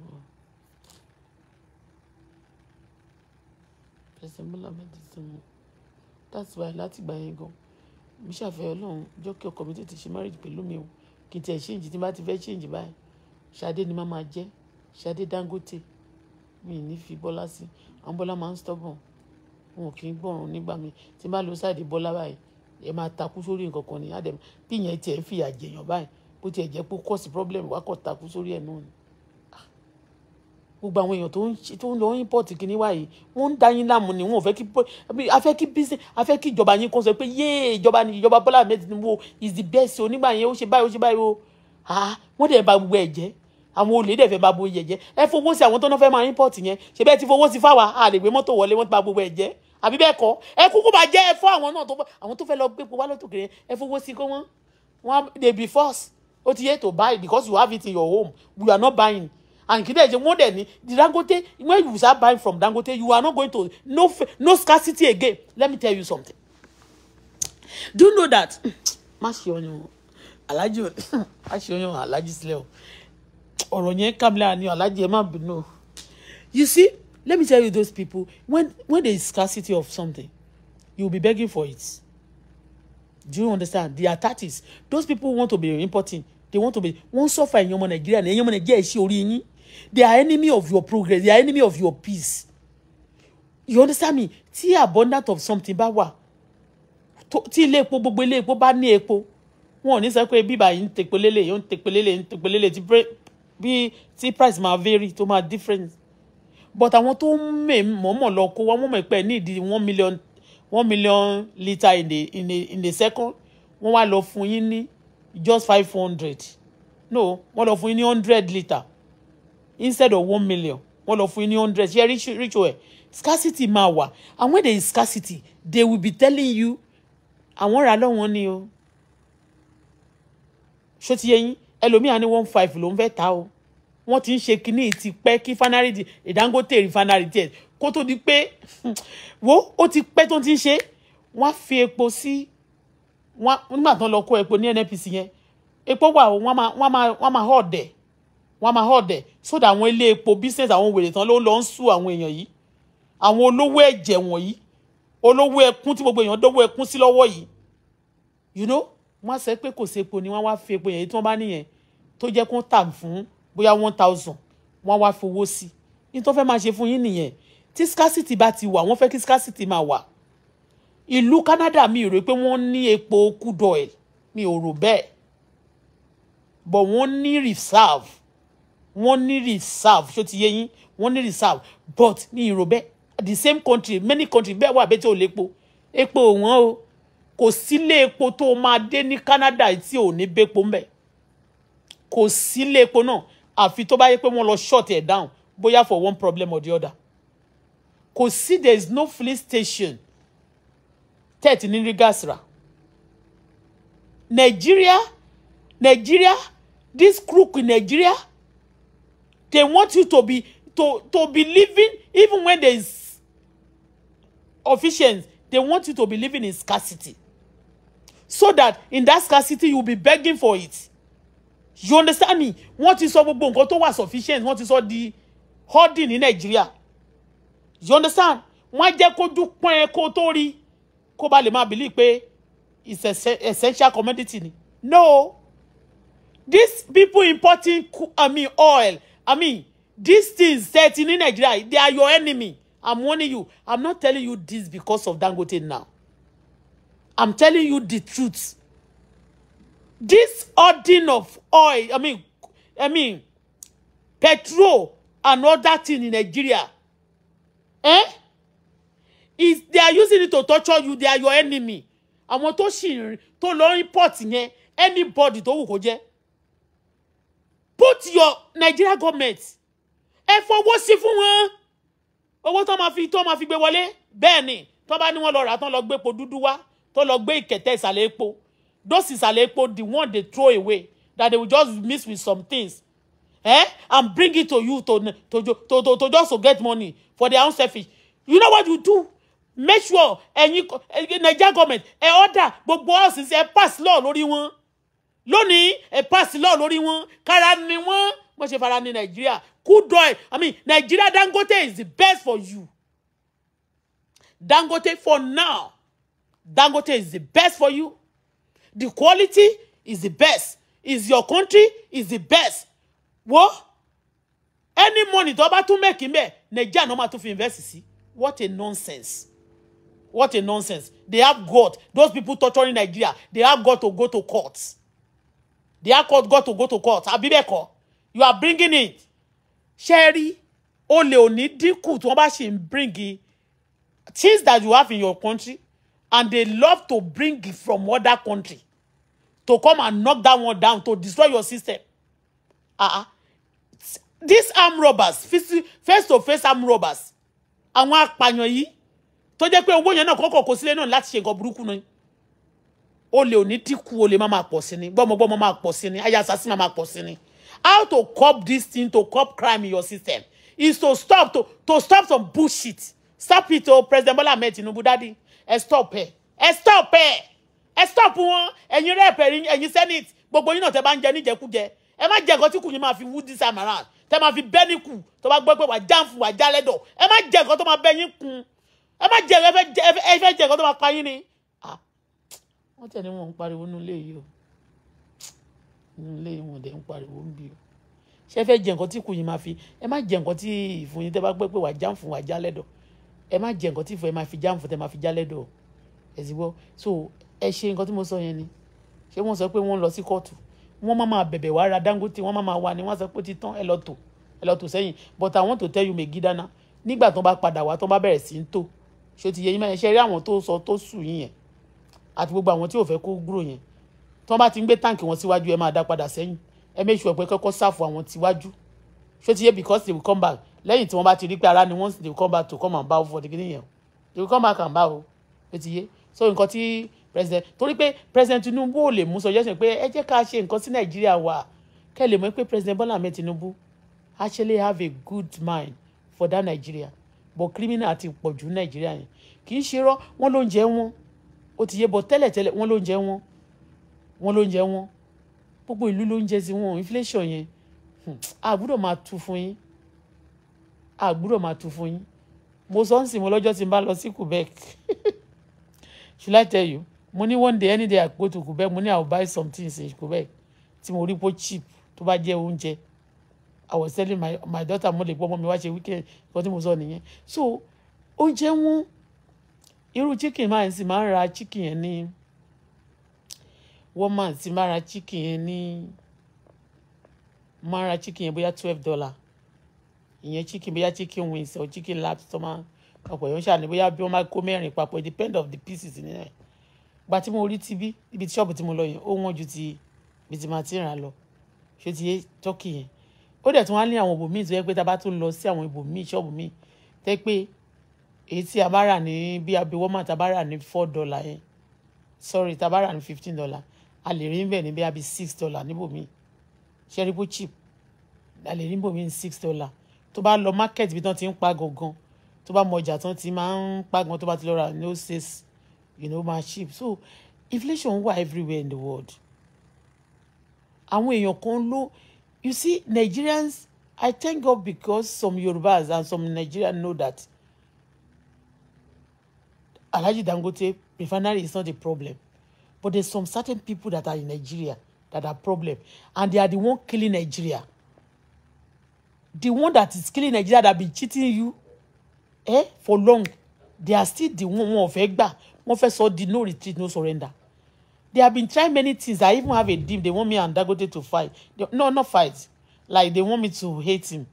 president Bola mẹ́tẹ̀ that's why láti gbà yẹn gan mi ṣàfẹ́ ọlọ́run jọ́ kí ọkọ mi tètè ṣe marriage pẹ̀lú mi o kì í tiẹ̀ ṣéǹjì tí n bá ti fẹ́ ṣéǹjì báyìí Ṣadé Dangote mi ní fi Bọ́lá sí àwọn Bọ́lá máa ń stubborn wọn kì í gbọ̀ràn nígbà mi tí n bá lọ sáàdì Bọ́lá báyìí ẹ máa takú sórí nǹkan kan ní àdẹ̀mọ́ bí ìyẹn tiẹ̀ ń fìyà jẹ̀yàn báyìí bó tiẹ̀ jẹ́ pé kọ́ọ̀sì problem wákọ̀ takú sórí ẹ̀ náà ni ah! gbogbo àwọn èèyàn tó ń tó ń lọ import kìíní wáyé wọn ń da yín láàmú ni wọn ò fẹ́ kí afẹ́ kí business afẹ́ kí ìjọba yín kó sọ pé yéé ìjọba ni ìjọba Bọ́lá Ahmed Tinubu is the best onígbà yẹn ó ṣe báyìí ó ṣe báyìí o ah wọ́n dẹ̀ bà gbogbo ẹ̀ jẹ́ àwọn olè dẹ̀ fẹ́ bà bo yẹ̀jẹ̀ ẹ fowó sí àwọn tó náà fẹ́ máa import yẹn ṣe bẹ́ẹ̀ ti fowó sí fáwa a lè gbé mọ́tò wọlé wọ́n ti bà gbogbo ẹ̀ jẹ́ àbí bẹ́ẹ̀ kọ́ ẹ kúkú bá jẹ́ ẹ fọ́ àwọn náà tó àwọn tó fẹ́ lọ gbé wá lọ́tò kiri ẹ fowó sí kó wọ́n wọ́n dey be forced ó ti yẹ to buy because you have it in your home you are not buying and kí dẹ̀ ṣe wọ́n dẹ̀ ní the Dangote when you start buying from Dangote you are not going to no no scarcity again let me tell you something do you know that má ṣe ọyàn alájí sílẹ̀ o ọ̀rọ̀ yẹn kàmílà ni alájẹ má bínú o you see let me tell you those people when when there is scarcity of something you will be begging for it do you understand They are is those people want to be important they want to be wọ́n suffer ẹ̀yin ọmọ nàìjíríà ẹ̀yin ọmọ nàìjíríà ẹ̀ṣẹ̀ orí yín they are enemy of your progress they are enemy of your peace you understand me tí abundant of something bá wà tí ilé epo gbogbo ilé epo bá ní epo wọn ò ní sọ pé bíbá yìí ń tèpolélè yìí ń tèpolélè ń tèpolélè ti bí tí price máa vary tó máa different but àwọn tó ń mè mọ̀ọ́mọ̀ lọ kó wọ́n mọ̀ pé ní ìdí one million one million litre in the in the in the second wọ́n wá lọ fún yín ní just five hundred no wọ́n lọ fún yín ní hundred litre instead of one million wọ́n lọ fún yín ní hundred rich ríṣọ ẹ̀ scarcity máa wà and when there is scarcity they will be telling you àwọn rà lọ́wọ́n ni o ṣó ti yẹ yín ẹlòmíà ní one five ló ń fẹ́ ta o wọ́n ti ń ṣe kinní ti pẹ́ kí fanari di ìdángótè refinery tiẹ̀ kó tó di pé hmm, wo ó ti pẹ́ tó ti ń ṣe wọ́n á fi epo sí wọ́n nígbà tán lọ kó epo ní NNPC yẹn epo wà o wọ́n máa wọ́n máa wọ́n máa hàn dẹ̀ sódà àwọn ilé epo business àwọn wèrè tán ló ń lọ ń sú àwọn èèyàn yìí àwọn olówó ẹ̀jẹ̀ wọ̀nyí olówó ẹkún tí gbogbo èèyàn dówó ẹkún sí lọ́wọ́ yìí you know wọ́n sọ pé kò sí epo ni wọ́n wá fi epo yẹn èyí tí wọ́n bá nìyẹn tó jẹ́ kó tà fún bóyá one thousand wọ́n wá fowó sí ní tó fẹ́ máa ṣe fún yín nìyẹn tí scarcity bá ti wà wọ́n fẹ́ kí scarcity máa wà ìlú Canada mi rò pé wọ́n ní epo kúdọ̀ ẹ̀ mi ò rò bẹ́ẹ̀ but wọ́n ní reserve wọ́n ní reserve ṣó ti yé yín wọ́n ní reserve but mi ò rò bẹ́ẹ̀ the same country many country bẹ́ẹ̀ wà bẹ́ẹ̀ tí ò lépo epo wọn o kò sílé epo tó máa dé ní Canada tí ò ní bépo ńbẹ kò sílé epo náà àfi tó bá yẹ pé wọ́n lọ short ẹ̀ down bóyá for one problem or the other kò sí there is no filling station tẹ́ẹ̀tì ní rí gáàsì Nigeria Nigeria this crook in Nigeria they want you to be to to be living even when there is officials they want you to be living in scarcity so that in that scarcity you will be begging for it you understand me wọ́n ti sọ gbogbo nǹkan tó wà sufficient wọ́n ti sọ di hoarding ní nàìjíríà you understand wọ́n á jẹ́ kójú pọ́n ẹ kó tó rí kó ba lè máa believe pé it's essential commodity ni no these people importing i mean oil i mean these things set in nigeria they are your enemy i'm warning you i'm not telling you this because of dangote now I'm telling you the truth. This hoarding of oil, I mean, I mean, petrol and all that thing in Nigeria, eh? Is they are using it to torture you, they are your enemy. I'm tó to learn lọ anybody tó wù kó jẹ́. Put your Nigeria government, ẹ fọwọ́ sí fún wọn. Owó tó máa fi tó máa fi gbé wọlé, bẹ́ẹ̀ ni, tó bá ní wọ́n lọ rà tán lọ gbépo dúdú tó lọ gbé ìkẹ̀tẹ́ ìsàlẹ̀ epo those ìsàlẹ̀ epo the one they throw away that they will just mix with some things eh? and bring it to you to, to, to, to, to just to get money for their own selfish you know what you do make sure ẹ̀yin Nigeria government ẹ order gbogbo ọ̀sìn ẹ pass law lórí wọn lónìí ẹ pass law lórí wọn kára ni wọn wọn ṣe fara ní Nàìjíríà crude I mean Nigeria Dangote is the best for you Dangote for now Dangote is the best for you. The quality is the best. Is your country is the best. What? Any money to about to make me, Nigeria no matter to invest See What a nonsense. What a nonsense. They have got Those people torturing Nigeria, they have got to go to courts. They have got got to go to court. Àbí You are bringing it. Sherry, olè ò ní dínkù tí wọ́n bá ṣì ń things that you have in your country and they love to bring it from other country to come and knock that one down to destroy your system uh-uh. these armed robbers face to face armed robbers àwọn apààyàn yìí tó jẹ́ pé owó yẹn náà kọ́kọ́ kó sílé náà láti ṣe nǹkan burúkú náà olè ò ní dínkù olè máa máa pọ̀ sí ni gbọ́mọgbọ́mọ máa pọ̀ sí ni aya assassin máa máa pọ̀ sí ni how to curb this thing to curb crime in your system is to stop to to stop some bullshit stop it o oh, President Bola Ahmed Tinubu daddy stop ẹ stop ẹ ẹ stop wọn ẹ̀yin rep ẹ̀yin senate gbogbo yín náà tẹ́ bá ń jẹ níjẹkújẹ ẹ má jẹ nǹkan tí kù yín máa fi wú this time around tẹ́ máa fi bẹ́ẹ̀ ní kù tó bá gbọ́ pé wà jáǹfù wà jálẹ́dọ̀ ẹ má jẹ nǹkan tó máa bẹ́ yín kun ẹ má jẹ ẹ fẹ́ jẹ nǹkan tó máa pa yín ni. wọ́n tẹ̀ ní wọn ń pariwo nílé yìí o nílé yìí wọn dẹ̀ ń pariwo ń bí o ṣé ẹ fẹ́ jẹ nǹkan tí kù máa fi ẹ má jẹ nǹkan tí ìfun yín tẹ́ bá gbọ́ pé wà jáǹfù wà jálẹ́dọ̀ ẹ má jẹ nǹkan tí ìfọ ẹ má fi já nǹkan tẹ má fi já lẹ́dọ̀ ẹ sì wọ́ so ẹ ṣe nǹkan tí mo sọ yẹn ni ṣé wọ́n sọ pé wọ́n lọ sí kóòtù wọ́n má máa bẹ̀bẹ̀ wá ra Dangote wọ́n má máa wà ní wọ́n sọ pé ti tán ẹ lọ tò ẹ lọ tò sẹ́yìn but I want to tell you Megidana nígbà tó bá padà wá tó bá bẹ̀rẹ̀ sí ń tò ṣé ti yẹ yín máa ṣe rí àwọn tó sọ tó sù yín yẹn àti gbogbo àwọn tí ò fẹ́ kó gúrò yẹn tí wọ́n bá ti ń gbé táǹkì wọn síwájú ẹ máa dá padà sẹ́yìn ẹ make sure pé kọ́kọ́ sáfù àwọn tíwájú ṣé ti yẹ because they will come back lẹ́yìn tí wọ́n bá ti rí pé ara ni wọ́n sì come back to come and bow for the guinea yẹn they will come back and bow ó ti yé so nǹkan tí president torí pé president Tinubu ò lè mú suggestion pé ẹ jẹ́ ká ṣe nǹkan sí Nàìjíríà wa kẹ́ lè mọ̀ pé president Bola Ahmed Tinubu actually have a good mind for that Nigeria but criminal àti pọ̀jù Nàìjíríà yẹn kì í ṣe rọ́ wọ́n ló ń jẹ wọ́n ó ti yé bọ̀ tẹ́lẹ̀tẹ́lẹ̀ wọ́n ló ń jẹ wọ́n wọ́n ló ń jẹ wọ́n gbogbo ìlú ló ń jẹ sí wọn inflation yẹn àgbúdọ̀ hmm, máa tu fún yín àgbúrò máa tu fún yín mo sọ ń sìn mo lọ́jọ́ tí n bá lọ sí Quebec should I tell you mo ní one day any day I go to Quebec mo ní I will buy something in Quebec tí mo rí pó cheap tó bá jẹ́ oúnjẹ I was telling my my daughter mo lè gbọ́ ọmọ mi wá ṣe weekend nǹkan tí mo sọ nìyẹn so oúnjẹ wọn irú chicken máa ń sìn máa ń ra chicken yẹn ní wọ́n máa ń sìn máa ra chicken yẹn ní máa ra chicken yẹn bóyá twelve dollar ìyẹn chicken bóyá chicken wings or chicken laps tó máa ọ̀pọ̀ èèyàn ṣàní bóyá bí wọ́n máa kó mẹ́rin papọ̀ it depend of the pieces ní náà gba tí mo rí ti bí ibi tí ṣọ́ọ̀bù tí mo lọ yẹn ó wọ́n ju ti ibi tí màá ti rà lọ ṣé ti yé tọ́kì yẹn ó dẹ̀ tún wá ní àwọn ibòmíì tó yẹ pé tá a bá tún lọ sí àwọn ibòmíì ṣọ́ọ̀bù míì tẹ́ pé èyí tí a bá rà ní bí abiwọ́mà tá a bá rà ní four dollar yẹn sorry taba a rà ní fifteen dollar a lè rí bẹ́ẹ̀ ní bí abi six dollar níbòmíì ṣẹ́rí bó cheap a lè rí bòmíì six dollar tó bá lọ market bí tán ti ń pa gangan tó bá mọ ọjà tán ti máa ń pa gangan tó bá ti lọ ra no sales you know máa ship. so inflation wà everywhere in the world àwọn èèyàn kan ló you see Nigerians I thank God because some Yorubas and some Nigerians know that Alhaji Dangote refinery is not a problem but there's some certain people that are in Nigeria that are problem and they are the one killing Nigeria the one that is killing Nigeria that be cheating you eh, for long they are still the one one of Egba. gbà wọ́n fẹ́ sọ no retreat no surrender they have been trying many things I even have a dream they want me and Dangote to fight they, no not fight like they want me to hate him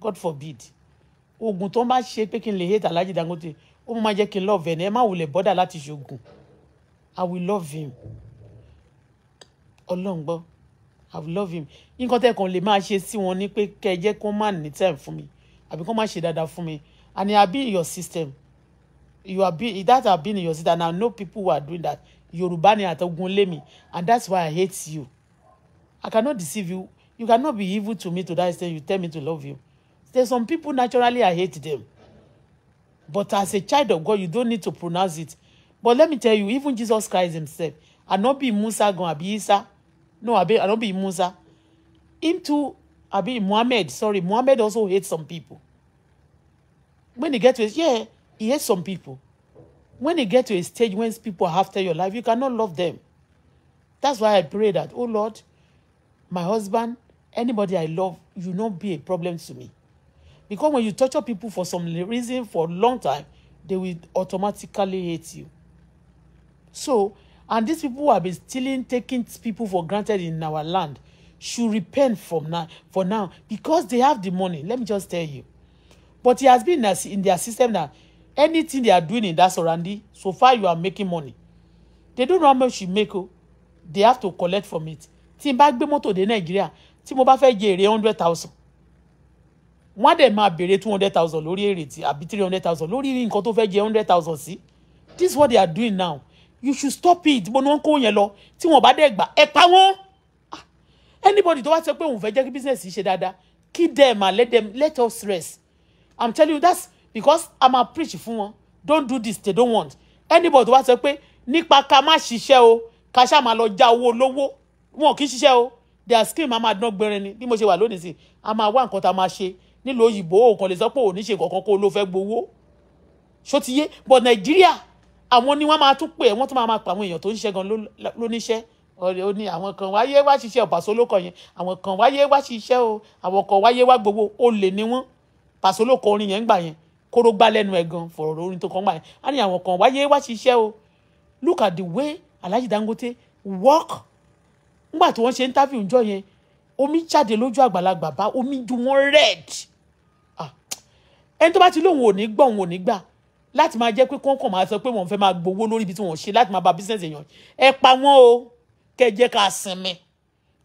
God forbid Ogun tó ń bá ṣe pé kí hate alaji Dangote ó máa jẹ́ kí love ẹ̀ ma ẹ má wulẹ̀ bọ́dà láti I will love him ọlọ́run gbọ́ i will love him nǹkan tẹ́ kàn lè máa ṣe sí wọn ni pé kẹ́ ẹ jẹ́ kó má ní time fún mi àbí kó má ṣe dáadáa fún mi and i be in your system you are be that have been in your system and i know people who are doing that yorùbá ni àtọ̀gùn lé mi and that's why i hate you i cannot deceive you you cannot be evil to me to that extent you tell me to love you there's some people naturally i hate them but as a child of God you don't need to pronounce it but let me tell you even Jesus Christ himself I not be Musa gan abi Isa no I don't be musa him too be muhammad sorry muhammad also hates some people when he get to his yeah he hates some people when he get to a stage when people are after your life you cannot love them that's why i pray that oh lord my husband anybody i love you not be a problem to me because when you torture people for some reason for a long time they will automatically hate you so and these people who have been stealing taking people for granted in our land should repent from now for now because they have the money let me just tell you but it has been in their system that anything they are doing in that surrounding so far you are making money they don't know how much you make oh? they have to collect from it tí n bá gbé mọ́tò dé nàìjíríà tí mo bá fẹ́ jẹ èrè hundred thousand wọ́n á dẹ̀ máa béèrè two hundred thousand lórí èrè tí àbí three hundred thousand lórí nǹkan tó fẹ́ jẹ hundred thousand sí this is what they are doing now you should stop it bó no wọ́n kó yẹn lọ tí wọ́n bá dẹ̀ gbà ẹ pa wọ́n ah, anybody tó wá sọ pé òun fẹ́ jẹ́ kí business yìí ṣe dáadáa keep them and let them let us rest i'm telling you that's because i'm a preach fún wọn don't do this they don't want anybody tó wá sọ pé nípa ká má ṣiṣẹ́ o ká ṣáà máa lọ já owó lówó wọn kì í ṣiṣẹ́ o their skin máa máa dán gbẹrẹ ni bí mo ṣe wà lónìí sí a máa wá nǹkan tá a máa ṣe nílùú òyìnbó òkan lè sọ pé òní ṣe nǹkan kan kó o ló fẹ́ gbowó ti yé but Nigeria àwọn ni wọ́n máa tún pè é wọ́n tún máa máa pa àwọn èèyàn tó ń ṣiṣẹ́ gan lóníṣẹ́ ó ní àwọn kan wáyé wá ṣiṣẹ́ ọ̀pàṣọ olókọ̀ yẹn àwọn kan wáyé wá ṣiṣẹ́ o àwọn kan wáyé wá gbowó olè ni wọ́n pàṣọ olókọ̀ orin yẹn ń gbà yẹn kóró gbá lẹ́nu ẹ̀ gan fọ̀rọ̀ orin tó kàn gbà yẹn á ní àwọn kan wáyé wá ṣiṣẹ́ o look at the way Alhaji Dangote work ngbà tí wọ́n ṣe interview ńjọ́ yẹn omi jáde lójú àgbàlagbà bá omi ju wọn red ah, ẹni tó bá ti lóun ò ní gbọ́ òun ò ní gbà láti máa jẹ́ pé kọ́ńkàn máa sọ pé wọ́n fẹ́ máa gbowó lórí ibi tí wọ́n ṣe láti máa ba business èèyàn ẹ pa wọ́n o kẹ́ ẹ jẹ́ ká sinmi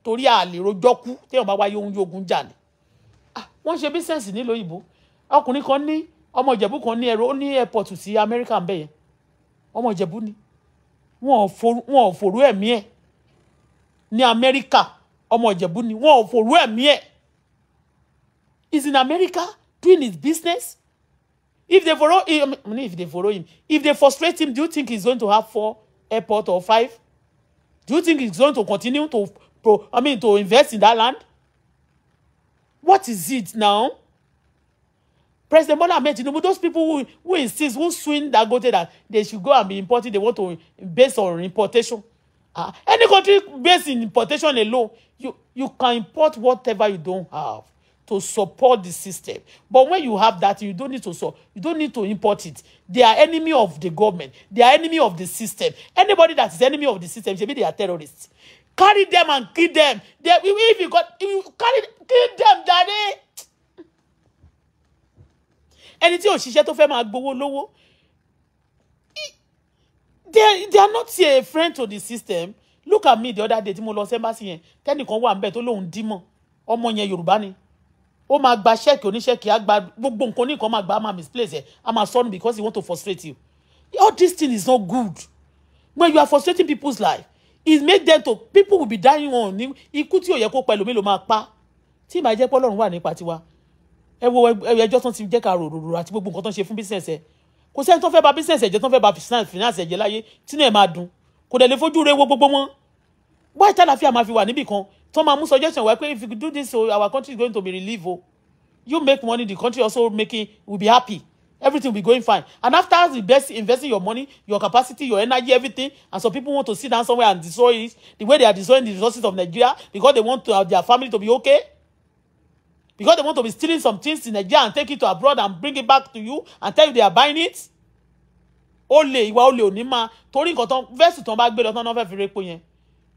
torí àlè rojọ́ kú téèyàn bá wáyé ohun yógun jà ní. Ah, wọ́n ṣe business nílùú òyìnbó ọkùnrin kan ní ọmọ ìjẹ̀bú kan ní ẹ̀rọ ó ní airport sí America ń bẹ̀ yẹn ọmọ ìjẹ̀bú ni wọn ò fòrú ẹ̀mí ẹ̀ ní America ọmọ ìjẹ̀bú ni wọn ò fòrú ẹ̀mí ẹ̀ is in America doing his business If they follow him, if they follow him, if they frustrate him, do you think he's going to have four airport or five? Do you think he's going to continue to pro, I mean to invest in that land? What is it now? President Bola Ahmed those people who, who insist, who swing that Dangote that they should go and be imported. they want to base on importation. Uh, any country based in importation alone, you, you can import whatever you don't have to support the system but when you have that you don't need to so you don't need to import it they are enemy of the government they are enemy of the system anybody that is enemy of the system maybe they are terrorists carry them and kill them they if you got if you carry kill them daddy ẹni tí òṣìṣẹ́ tó fẹ́ máa gbowó lówó they they are not a friend to the system look at me the other day tí mo lọ sí embassy yẹn tẹ́nìkan wà ń bẹ̀ tó lóun dímọ̀ ọmọ yẹn Yorùbá ni ó máa gba ṣẹ́ẹ̀kì oníṣẹ́ẹ̀kì á gba gbogbo nǹkan oníkan máa gba á máa misplace ẹ̀ á máa because he want to frustrate you all this thing is not good when you are frustrating people's life it make them to people will be dying on ní ikú tí ò yẹ kó pa ẹlòmíì ló máa pa tí ìmọ̀ ẹjẹ́ pọ́lọ́run wà nípa tiwa ẹ wo ẹjọ́ tán ti jẹ́ ká ròròrò àti gbogbo nǹkan tán ṣe fún business ẹ kò sẹ́ni tó fẹ́ ba business ẹ̀jẹ̀ tó fẹ́ ba finance ẹ̀jẹ̀ láyé tínú ẹ̀ máa dùn kò dẹ̀ lè fojú rẹ wo gbogbo wọn wáyé tálàfíà máa fi wà níbì kan tó máa mú suggestion wá pé if you do this our country is going to be relieved o oh. you make money the country also making will be happy everything will be going fine and after the best investing your money your capacity your energy everything and some people want to sit down somewhere and destroy it the way they are destroying the resources of Nigeria because they want to have their family to be okay because they want to be stealing some things in Nigeria and take it to abroad and bring it back to you and tell you they are buying it olè ìwà olè ò ní máa torí nǹkan tán vẹ́sì tán bá gbé lọ tán náà fẹ́ fi repo yẹn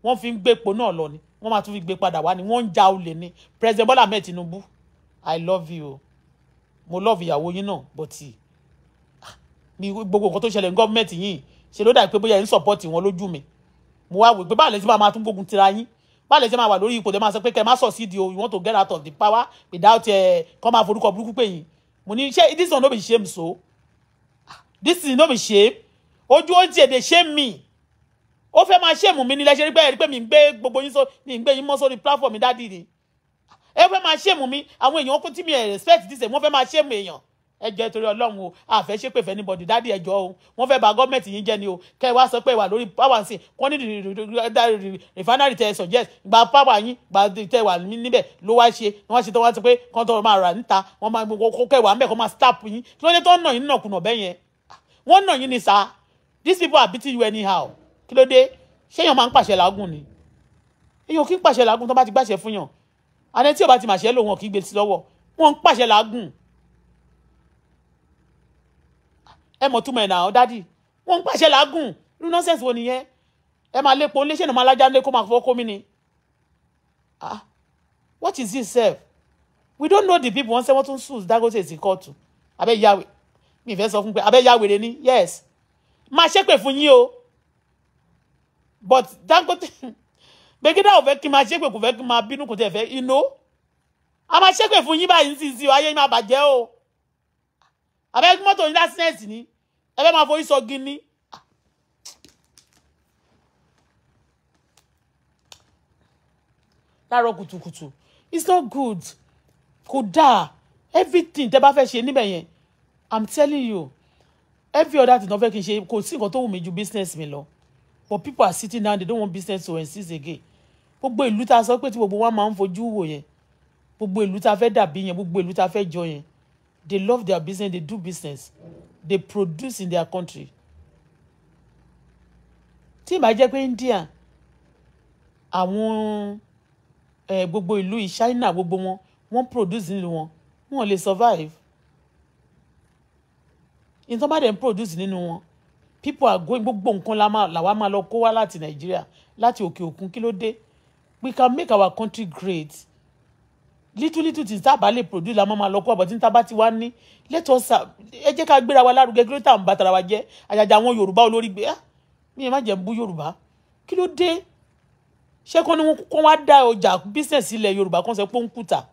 wọ́n fi ń gbépo náà lọ ni wọ́n máa tún fi gbé padà wá ni wọ́n ń ja olè ni president Bọ́lá Ahmed Tinubu i love you mo love ìyàwó yín náà but ah, mi gbogbo nǹkan tó ṣẹlẹ̀ ní gọ́ọ̀mẹ̀ntì yìí ṣe ló dàbí pé bóyá ń support wọn lójú mi mo wá wò pé báwo lè ṣe máa tún gbógun tira yín báwo lè ṣe máa wà lórí ipò tẹ máa sọ pé kẹ má sọ sídìí o you want to get out of the power without ẹ eh, kọ́ máa forúkọ burúkú pè yín mo ní ṣé this one no be shame so ah, this thing no be shame ojú ó tiẹ̀ dey shame me ó fẹ́ máa ṣèmù mi nílẹ̀ ṣe rí pé ẹ̀rí pé mi ń gbé gbogbo yín ní ń gbé yín mọ́ sórí platform mi dádì ni ẹ fẹ́ máa ṣèmù mi àwọn èèyàn kún tí mi ẹ̀ respect dísè wọ́n fẹ́ máa ṣèmù èèyàn ẹ jẹ́ torí Ọlọ́run o àfẹ́ ṣépè fẹ́ níbọ̀dì dádì ẹjọ́ o wọ́n fẹ́ bà gọ́ọ̀mẹ̀ntì yín jẹ́ ni o kẹ́ ẹ wá sọ pé wà lórí power sí wọ́n ní refinery tẹ suggest gba power yín gba tẹ wà níbẹ̀ ló wá ṣe wọ́n ṣe tó wá sọ pé kán tó máa rà níta wọ́n máa kẹ́ wà níbẹ̀ kó máa stop yín kí ló dé tó ń nà yín nàkùnà bẹ́yẹn wọ́n nà yín ni sá these people are beating you anyhow kí ló dé ṣéyàn máa ń pàṣẹ làágùn ni èyàn kì í pàṣẹ làágùn tó bá ti gbàṣẹ fún yàn àná tí ò bá ti màṣẹ lò wọn kì í gbé e sí lọ́wọ́ wọn ń pàṣẹ làágùn ẹ mọ̀ túmọ̀ ẹ̀ nà ọ́ dádì wọn ń pàṣẹ làágùn irú nọ́sẹ̀sì wo nìyẹn ẹ máa lépo léṣẹ̀ náà máa lájà ńlẹ́ kó máa fọ́ kómi ni ah what is this sef we don't know the people wọn sẹ wọn tún sùn Dangote sí kóòtù abẹ́ yàwé mi ìfẹ́ sọ fún pé abẹ́ yàwé rẹ ni yes máa ṣépè fún yín o but Dangote Begida ò fẹ́ kí n máa ṣépè kò fẹ́ kí n máa bínú kò tẹ̀ fẹ́ iná a máa ṣépè fún yín báyìí nísinsìnyí ayé yín máa bàjẹ́ o àbẹ́ mọ́tò yín lásìnẹ́ẹ̀sì ni ẹ fẹ́ máa forí sọ gíní. láàárọ̀ kùtùkùtù it's not good Kuda, everything tẹ́ bá fẹ́ ṣe níbẹ̀ yẹn i'm telling you every other thing tó fẹ́ kí n ṣe kò sí nǹkan tó wù ju business mi lọ but people are sitting down they don't want business to exist again gbogbo ìlú ta sọ pé tí gbogbo wa máa ń fojú wò yẹn gbogbo ìlú ta fẹ́ dàbí yẹn gbogbo ìlú ta fẹ́ jọ yẹn they love their business they do business they produce in their country tí ìbá jẹ́ pé India àwọn ẹ eh, gbogbo ìlú yìí China gbogbo wọn wọ́n produce nínú wọn wọn lè survive ìtàn bá dẹ̀ ń produce nínú wọn people are going gbogbo nǹkan làwa máa lọ kó wá láti nàìjíríà láti òkè òkun kí ló dé we can make our country great little little tí tábà lè produce la máa máa lọ kó àbọ̀tí tábà ti wá ní let us ẹ jẹ́ ká gbéra wa lárugẹ kí ló tà ń bá tara wa jẹ́ àjàjà àwọn yorùbá olórí gbé ah mi ì má jẹ́ ń bú yorùbá kí ló dé ṣé kán ní wọn kán wá dá ọjà business ilẹ̀ yorùbá kan sọ pé ń kùtà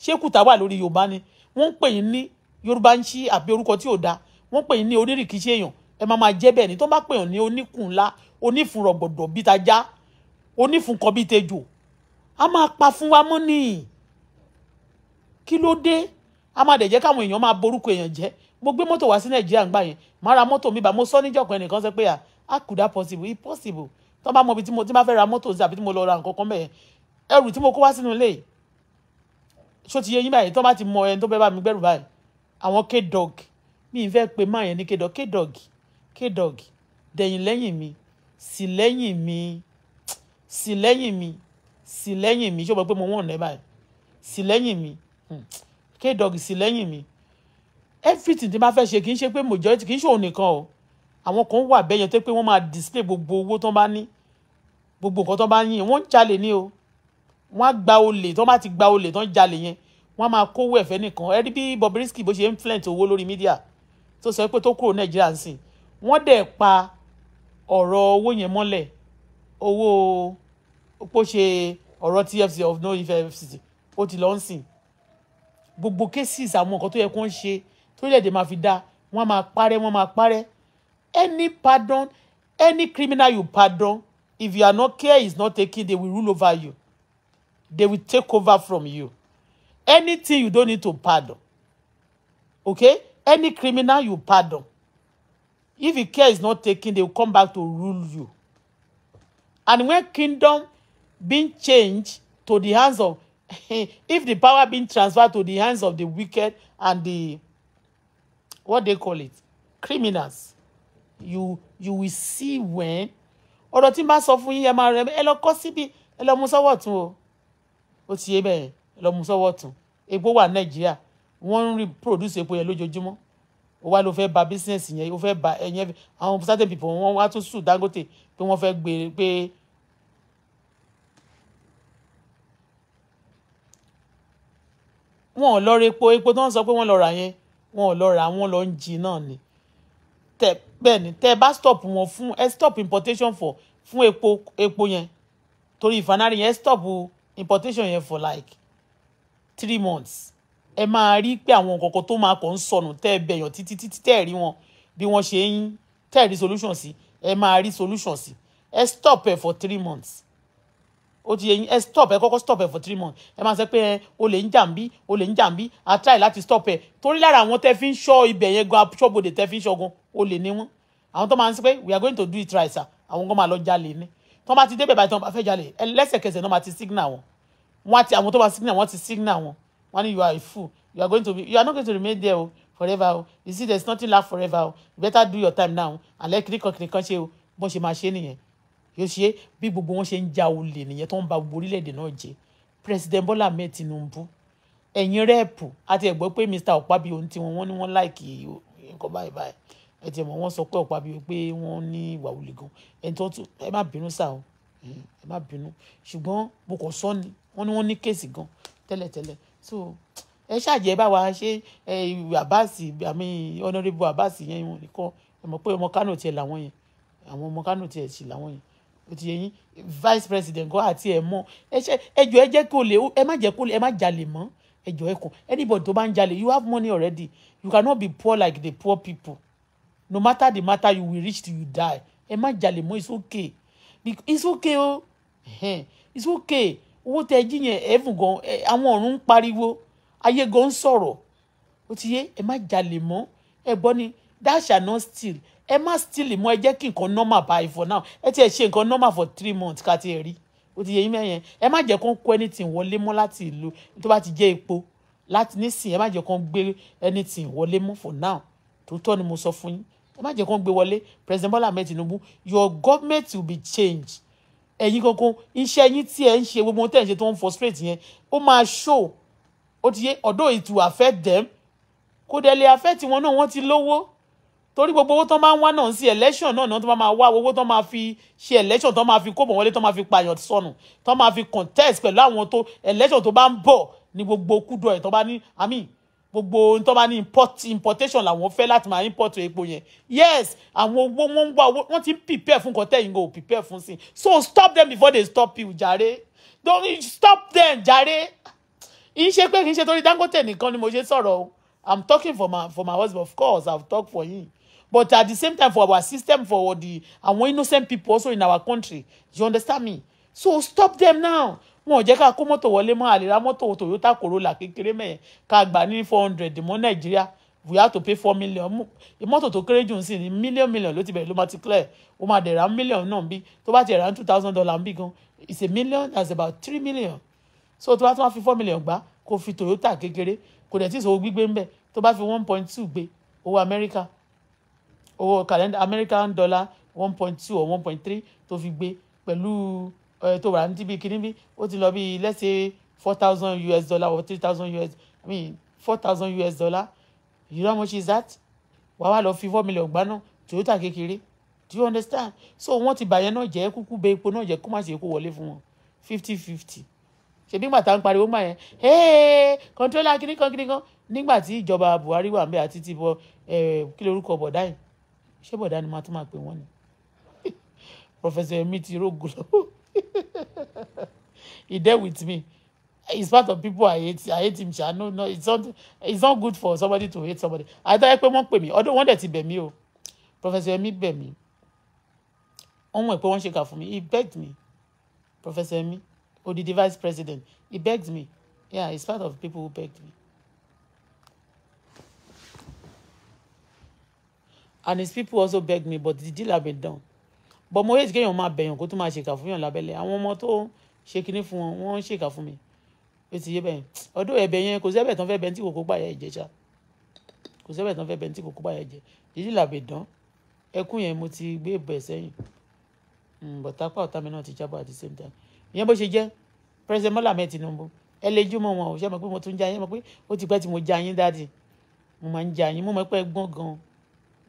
ṣé kùtà wà lórí yorùbá ni wọ́n ń pè yín ní yorùbá ń ṣí àbí orúkọ tí ò da wọ́n ń pè yín ní onírìkíṣẹ́ èèyàn ẹ máa máa jẹ́ bẹ́ẹ̀ ni tó bá pèèyàn ní oníkùn ńlá onífun rọ̀gbọ̀dọ̀ bíi tajá onífun kan bíi tejò a máa pa fún wa mọ́ nìyí kí ló dé a máa dẹ̀ jẹ́ káwọn èèyàn máa borúkọ èèyàn jẹ́ mo gbé mọ́tò wá sí nàìjíríà ńgbà yẹn màá ra mọ́tò mi bá mo sọ níjọ̀kan ẹnìkan sọ pé à kù dá possible it possible tó bá mọ ibi tí mo ti máa fẹ́ ra mọ́tò sí àbí tí mo lọ ra nǹkan kan bẹ́ẹ̀ ẹrù tí mo kó wá sínú ilé ṣó ti yé yín báyìí tó bá ti mọ ẹni tó fẹ́ bá mi gbẹ́rù báyìí àwọn k-dog mi ì fẹ́ pe máa yẹn ní k-dog k-dog K-Dog dẹ̀yìn lẹ́yìn mi sì lẹ́yìn mi sì lẹ́yìn mi sì lẹ́yìn mi ṣé o mọ̀ pé mo wọ̀n lẹ́ báyìí sì lẹ́yìn mi hmm. K-Dog sì lẹ́yìn mi everything tí n bá fẹ́ ṣe kì í ṣe pé majority kì í ṣe òun nìkan o àwọn kan wà bẹ́ẹ̀ yẹn tó pé wọ́n máa display gbogbo owó tó bá ní gbogbo nǹkan tó bá yín wọ́n ń jalè ní o wọ́n á gba olè tó bá ti gba olè tó ń jalè yẹn wọ́n á máa kówó ẹ̀fẹ́ nìkan ẹ rí bí Bobrisky bó ṣe influence owó lórí mídíà tó sọ pé tó kúrò Nàìjíríà ń sìn wọ́n dẹ̀ pa ọ̀rọ̀ owó yẹn mọ́lẹ̀ owó pò ṣe ọ̀rọ̀ TFC of no ife FCT ó ti lọ ń sìn gbogbo cases àwọn nǹkan tó yẹ kó ń ṣe torílẹ̀-èdè máa fi dá wọ́n máa parẹ́ wọ́n máa parẹ́ any pardon any criminal you pardon if you are not care is not taking, they will rule over you they will take over from you anything you don't need to pardon okay any criminal you pardon if the care is not taken they will come back to rule you and when kingdom being changed to the hands of if the power being transferred to the hands of the wicked and the what they call it criminals you you will see when ọ̀rọ̀ tí n bá sọ fún yín ẹ máa rẹ ẹ lọ kọ́ síbi ẹ lọ mú sọ́wọ́ tún o ó ti yé bẹ́ẹ̀ ẹ lọ mú sọ́wọ́ tún epo wà nàìjíríà wọ́n ń reproduce epo yẹn lójoojúmọ́ ó wá ló fẹ́ ba bísíǹsì yẹn ó fẹ́ ba ẹ̀yẹn àwọn certain people wọ́n wá tún sùn Dangote pé wọ́n fẹ́ gbé pé wọn ò lọ ra epo epo tó ń sọ pé wọ́n lọ rà yẹn wọn ò lọ rà wọ́n lọ ń jí náà ni tẹ bẹ́ẹ̀ ni tẹ bá stop wọn fún ẹ stop importation for fún epo epo yẹn torí ìfanárì yẹn stop importation yẹn for like three months ẹ máa rí pé àwọn nǹkan kan tó máa kàn ń sọnù tẹ́ ẹ bẹ̀yàn títí títí tẹ́ ẹ rí wọn bí wọ́n ṣe ń tẹ́ ẹ rí solution sí ẹ máa rí solution sí ẹ stop ẹ for three months ó ti yẹ yín ẹ stop ẹ kọ́kọ́ stop ẹ for three months ẹ máa sọ pé ẹ o lè ń jàǹbí o lè ń jàǹbí a try láti stop ẹ torí lára àwọn tẹ́ fi ń ṣọ́ ibẹ̀ yẹn gan aṣọ́bodè tẹ́ fi ń ṣọ́gun o lè ní wọn àwọn tó máa ń sọ pé we are going to do it right sir àwọn kan máa lọ jalè ní tó bá ti débẹ̀ báyìí tó bá fẹ́ jalè lẹ́sẹ̀kẹsẹ̀ náà máa ti signal wọn wọn àti àwọn tó máa signal wọn ti signal wọn One, you are a fool. You are going to be, you are not going to remain there oh, forever. Oh. You see, there's nothing left forever. Oh. You better do your time now. Oh. And let kiri kan kiri kan ṣe o, oh. bó ṣe máa ṣe nìyẹn. Yóò ṣe bí gbogbo wọn ṣe ń ja olè nìyẹn tó ń ba gbogbo orílẹ̀-èdè náà jẹ́. President Bola Ahmed Tinubu. Ẹ̀yin rẹ́ẹ̀pù àti ẹ̀gbọ́ pé Mr. Ọ̀pábí ohun tiwọn wọ́n ní wọ́n láìkì nǹkan báyìí báyìí. Ẹ ti mọ̀ wọ́n sọ pé Ọ̀pábí pé wọ́n ní ìwà olè gan. Ẹni tó tún ẹ má bínú sáà ẹ má bínú ṣùgbọ́n mo kàn sọ ni wọ́n ní wọ́n ní kéèsì gan tẹ́lẹ̀tẹ́lẹ̀ so ẹ ṣàjẹ́ bá wa ṣe ẹ Abbas àmì honourable Abbas yẹn wọn nìkan ẹ mọ̀ pé ọmọ Kano tiẹ̀ làwọn yẹn àwọn ọmọ Kano tiẹ̀ sì làwọn yẹn ó ti yẹ vice president kan àti ẹ̀ mọ́ ẹ ṣe ẹ jọ ẹ jẹ́ kó lè ẹ má jẹ́ kó lè ẹ má jalè mọ́ ẹ jọ ẹ kàn anybody tó bá ń jalè you have money already you cannot be poor like the poor people no matter the matter you will reach till you die ẹ má jalè mọ́ it's okay it's okay o oh. it's okay owó tẹ jí yẹn ẹ̀fùn gan àwọn ọ̀run ń pariwo ayé gan ń sọ̀rọ̀ ó ti yé ẹ má jalè mọ́ ẹ gbọ́ ni that shall not steal ẹ má steal mọ́ ẹ jẹ́ kí nǹkan normal báyìí for now ẹ tiẹ̀ ṣe nǹkan normal for three months ká tiẹ̀ rí ó ti yé yín mẹ́yẹn ẹ má jẹ́ kó ń kó anything wọlé mọ́ láti ìlú tó bá ti jẹ́ epo láti nísìnyí ẹ má jẹ́ kó ń gbé anything wọlé mọ́ for now tó tọ́ ni mo sọ fún yín ẹ má jẹ́ kó ń gbé wọlé President Bola Ahmed Tinubu your government will be changed ẹ̀yin kankan iṣẹ́ yín tí ẹ̀ ń ṣe gbogbo tẹ̀ ń ṣe tó ń frustrate yẹn ó máa show ó ti yé ọ̀dọ́ it will affect them kó dẹ̀ lè affect wọn náà wọ́n ti lówó torí gbogbo owó tán máa ń wá náà sí election náà náà tán máa wá owó tán máa fi ṣe election tán máa fi kóbọ̀ wọlé tán máa fi pààyàn sọnù tán máa fi contest pẹ̀lú àwọn tó election tó bá ń bọ̀ ní gbogbo kúdọ̀ ẹ̀ tán bá ní àmì gbogbo tó bá ní import importation làwọn fẹ́ láti máa import epo yẹn yes àwọn owó wọn ń wá owó wọn ti ń prepare fún kọtẹ́ yìí kò prepare fún sí so stop them before they stop you Jare. don't stop them Jare. kì í ṣe pé kì í ṣe torí Dangote nìkan ni mo ṣe sọ̀rọ̀ o i'm talking for my for my husband of course i've talked for him but at the same time for our system for the àwọn innocent people also in our country you understand me so stop them now wọn ò jẹ́ ká kó mọ́tò wọlé mọ́ àlè ra mọ́tò Toyota Corolla kékeré mẹ́yẹn ká gbà ní four hundred mọ́ Nàìjíríà we have to pay four million mọ́tò tó kéré jù sí ni million million ló ti bẹ̀rẹ̀ ló máa ti clear ó máa dẹ̀ ra million náà bí tó bá ti ra two thousand dollar ń bí gan it's a million that's about three million so tó bá tó máa fi four million gbá kó fi Toyota kékeré kò dẹ̀ tí ì gbígbé ń bẹ̀ tó bá fi one point two gbé owó America. owó calendar American dollar one point two or one point three tó fi gbé pẹ̀lú Eh, tó rà ní tíbi kìíní bí ó ti lọ bí let's say four thousand US dollar or three thousand US I mean four thousand US dollar you know how much is that wàá wà lọ fi four million gbaná Toyota kékeré do you understand so wọ́n ti bàyẹn náà jẹ́ kúkú bẹ epo náà jẹ́ kó má ṣe epo wọlé fún wọn fifty fifty ṣebí nígbà tá à ń pariwo máa yẹn hey controller, kìnnìkan kìnnìkan nígbà tí ìjọba Buhari wà ń bẹ àti ti bọ eh, kí lorúkọ bọ̀dá yìí ṣé bọ̀dá ni màá tún máa pè wọ́n ni Professor Emi ti rógo lọ́wọ́ he dealt with me he's part of people i hate i hate him sha no no it's not it's not good for somebody to hate somebody àtàwọn pé wọ́n pè pay me. wọ́n dẹ̀ ti bẹ̀ mí me, professor Yemi bẹ̀ me. Oh my, pé wọ́n ṣe kà fún mi he begged me professor or the vice president he begged me yeah he's part of people who begged me and his people also begged me but the deal had been done but mo hate kéèyàn máa bẹ̀yàn kó tó máa ṣèkà fún yàn lábẹ́lẹ̀ àwọn ọmọ tó ṣe kinní fún wọn wọ́n ń ṣèkà fún mi ó ti yé bẹ́yẹn ọdún ẹ̀bẹ̀ yẹn kò sẹ́bẹ̀ tán fẹ́ bẹ́ẹ̀ tí kòkó báyà ẹ̀jẹ̀ ṣá kò sẹ́bẹ̀ tán fẹ́ bẹ́ẹ̀ tí kòkó báyà ẹ̀jẹ̀ ìdí làbẹ̀dán ẹkún yẹn mo ti gbé bẹ̀ sẹ́yìn hmm, bọ̀tápá ọ̀tá mi náà ti jábọ̀ at same time ìyẹn bó ṣe jẹ́ president Bọ́lá mẹ́ẹ̀ Tinubu ẹ lè jùmọ̀ wọn ò ṣe mọ̀ pé mo tún já yín mọ̀ pé ó ti pẹ́ tí mo já yín dáàdì mo máa ń já mo mọ̀ pé ẹ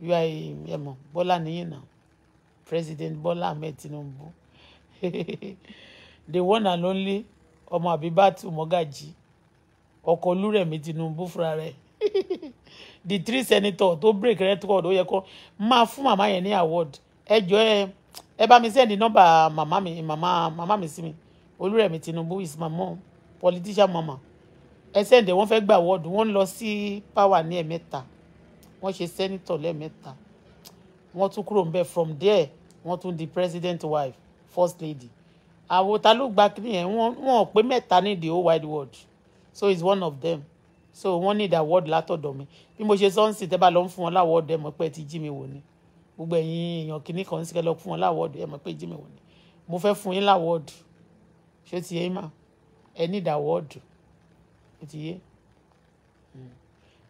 yóò ẹ mọ̀ Bọ́lá nìyẹn náà President Bola Ahmed Tinubu. the one and only ọmọ Abibatu Mogaji ọkọ Olúrẹ̀mí Tinubu fúnra rẹ̀ the three senators tó break record ó yẹ kó máa fún màmá yẹn ní award ẹ jọ ẹ ẹ bá mi send nọ́mbà màmá mi màmá màmá mi sí mi Olúrẹ̀mí Tinubu is my mom politician mama ẹ send ẹ wọ́n fẹ́ gba award wọ́n lọ sí power ní ẹ̀mẹ́ta wọ́n ṣe senator lẹ́ẹ̀mẹ́ta wọ́n tún kúrò ń bẹ̀ from there wọ́n tún di president wife first lady àwọn ta ló gba kí nìyẹn wọn ò pé mẹ́ta ní the whole wide world so he's one of them so wọ́n need award látọ̀dọ̀ mi bí mo ṣe sọ ń sìn tẹ́ bá lọ ń fún wọn láwọ́ọ̀dù ẹ̀ mọ̀ pé ti jí mi wò ni gbogbo ẹ̀yin èèyàn kìíní kan sí kẹlẹ́ fún wọn láwọ́ọ̀dù ẹ̀ mọ̀ pé jí mi wò ni mo fẹ́ fún yín láwọ́ọ̀dù ṣé ti yé mà ẹ need award ó ti yé hmm.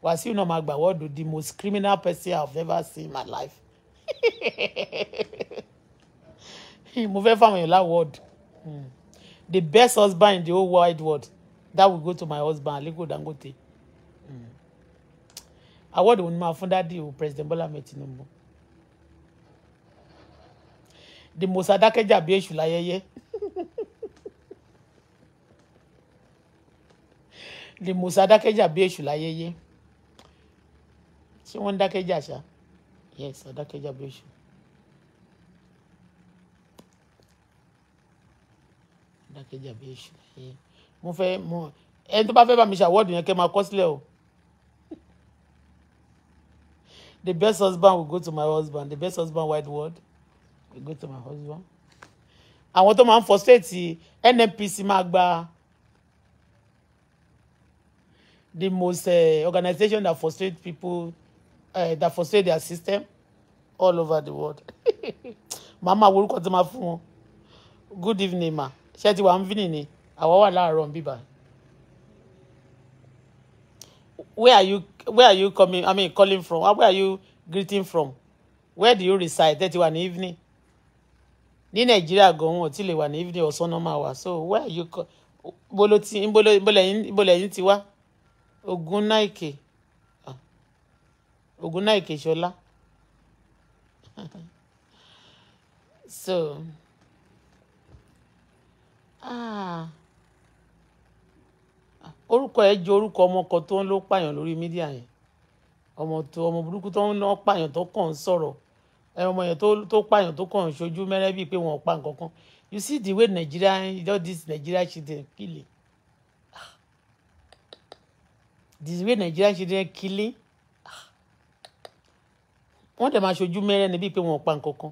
Wàsíù náà máa gbà award the most criminal person I have ever seen in my life mo fẹ́ fáwọn word. láwọ́ọ̀dù hmm. the best husband in the whole wide world that will go to my husband Aliko Dangote hmm. awọ́ọ̀dù òun ni máa fún dádì o president Bola Ahmed Tinubu the most adákẹ́jà bí èṣù láyẹyẹ the most adákẹ́jà bí èṣù láyẹyẹ ṣé wọ́n ń dákẹ́jà ṣáá yes adákẹ́jẹ́ abúlé adákẹ́jẹ́ abúlé mo fẹ́ mo ẹni tó bá fẹ́ bá mi ṣàwọ́ọ̀dù yẹn kẹ́ máa kọ́ sílẹ̀ o the best husband will go to my husband the best husband wide world will go to my husband àwọn tó máa ń frustrate NNPC máa gba the most uh, organization that frustrate people uh, that say their system all over the world Mama, orúkọ tí máa fún wọn good evening ma ṣé ti wà ń vini ni àwa wà láàárọ̀ ń bíbá where are you where are you coming i mean calling from where are you greeting from where do you reside tẹ́tí wà ní evening ní nàìjíríà gan-an ò lè wà ní evening ọ̀sán náà máa wà so where are you bolo ti bolo bolo ẹ̀yin ti wá ogun náà Ògúnnáìkè Ṣọlá so ah orúkọ ẹ̀ jẹ́ orúkọ ọmọ kan tó ń lọ pààyàn lórí mídíà yẹn ọmọ tó ọmọ burúkú tó ń lọ pààyàn tó kàn ń sọ̀rọ̀ ọmọ yẹn tó pààyàn tó kàn ń ṣojú mẹ́rẹ́ bíi pé wọ́n pa nǹkan kan you see the way Nigeria all this Nigeria shit dey killing ah, the way Nigeria shit dey killing wọ́n dẹ̀ máa ṣojú mẹ́rẹ́ níbi pé wọ́n pa nǹkan kan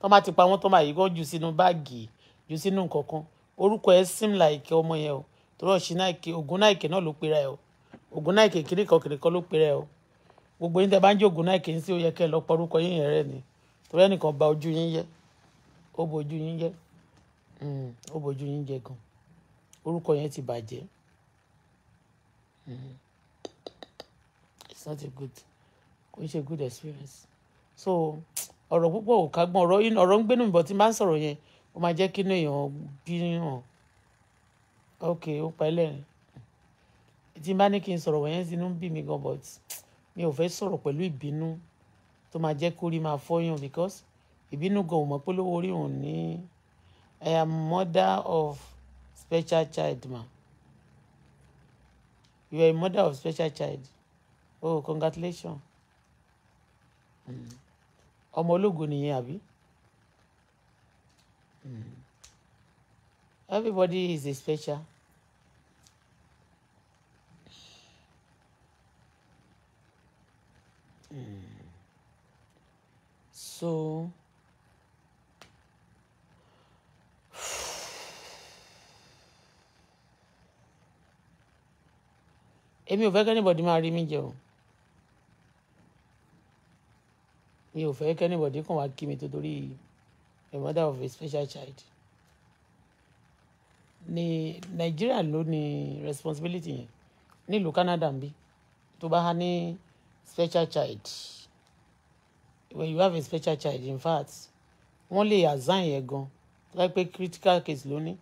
tó bá ti pa wọ́n tó máa yíkọ́ jù sínú báàgì jù sínú nǹkan kan orúkọ ẹ̀ sim láìkẹ́ ọmọ yẹn o tọrọ ṣì náìkẹ́ ògùn náìkẹ́ náà ló pera ẹ̀ o ògùn náìkẹ́ kìrìkọ̀ kìrìkọ̀ ló pera ẹ̀ o gbogbo yín tẹ́ bá ń jẹ́ ògùn náìkẹ́ ń sí oyè kẹ́ orúkọ yín yẹn rẹ̀ ni torí ẹnìkan ba ojú yín jẹ́ ó bojú yín jẹ́ hmm, ó bojú yín jẹ́ gan orúkọ yẹn ti bàjẹ́ hmm. it's not a good kò ń ṣe good experience so ọ̀rọ̀ púpọ̀ ò kágbọ́n ọ̀rọ̀ yìí ọ̀rọ̀ ń gbénu bọ̀ tí n bá ń sọ̀rọ̀ yẹn ó máa jẹ́ kí inú èèyàn bí hàn ok ó pẹ́lẹ́ tí n bá ní kí n sọ̀rọ̀ wọ̀nyẹn sínú bí mi gan but mi ò fẹ́ sọ̀rọ̀ pẹ̀lú ìbínú tó máa jẹ́ kórí máa fọ́yàn because ìbínú gan ò mọ̀ pé lówó orí òun ní I am mother of special child ma you are a mother of special child oh congratulation. Mm ọmọ ológo nìyẹn àbí. Hmm. everybody is a special. So, èmi ò fẹ́ kí anybody máa rí mi jẹun. mi ò fẹ́ kẹ́nìbọ̀dé kàn wá kí mi torí a mother of a special child ní nàìjíríà ló ní responsibility yẹn nílùú Canada ń bí tó bá há ní special child when you have a special child in fact wọ́n lè assign yẹn gan láì pé critical case ló ní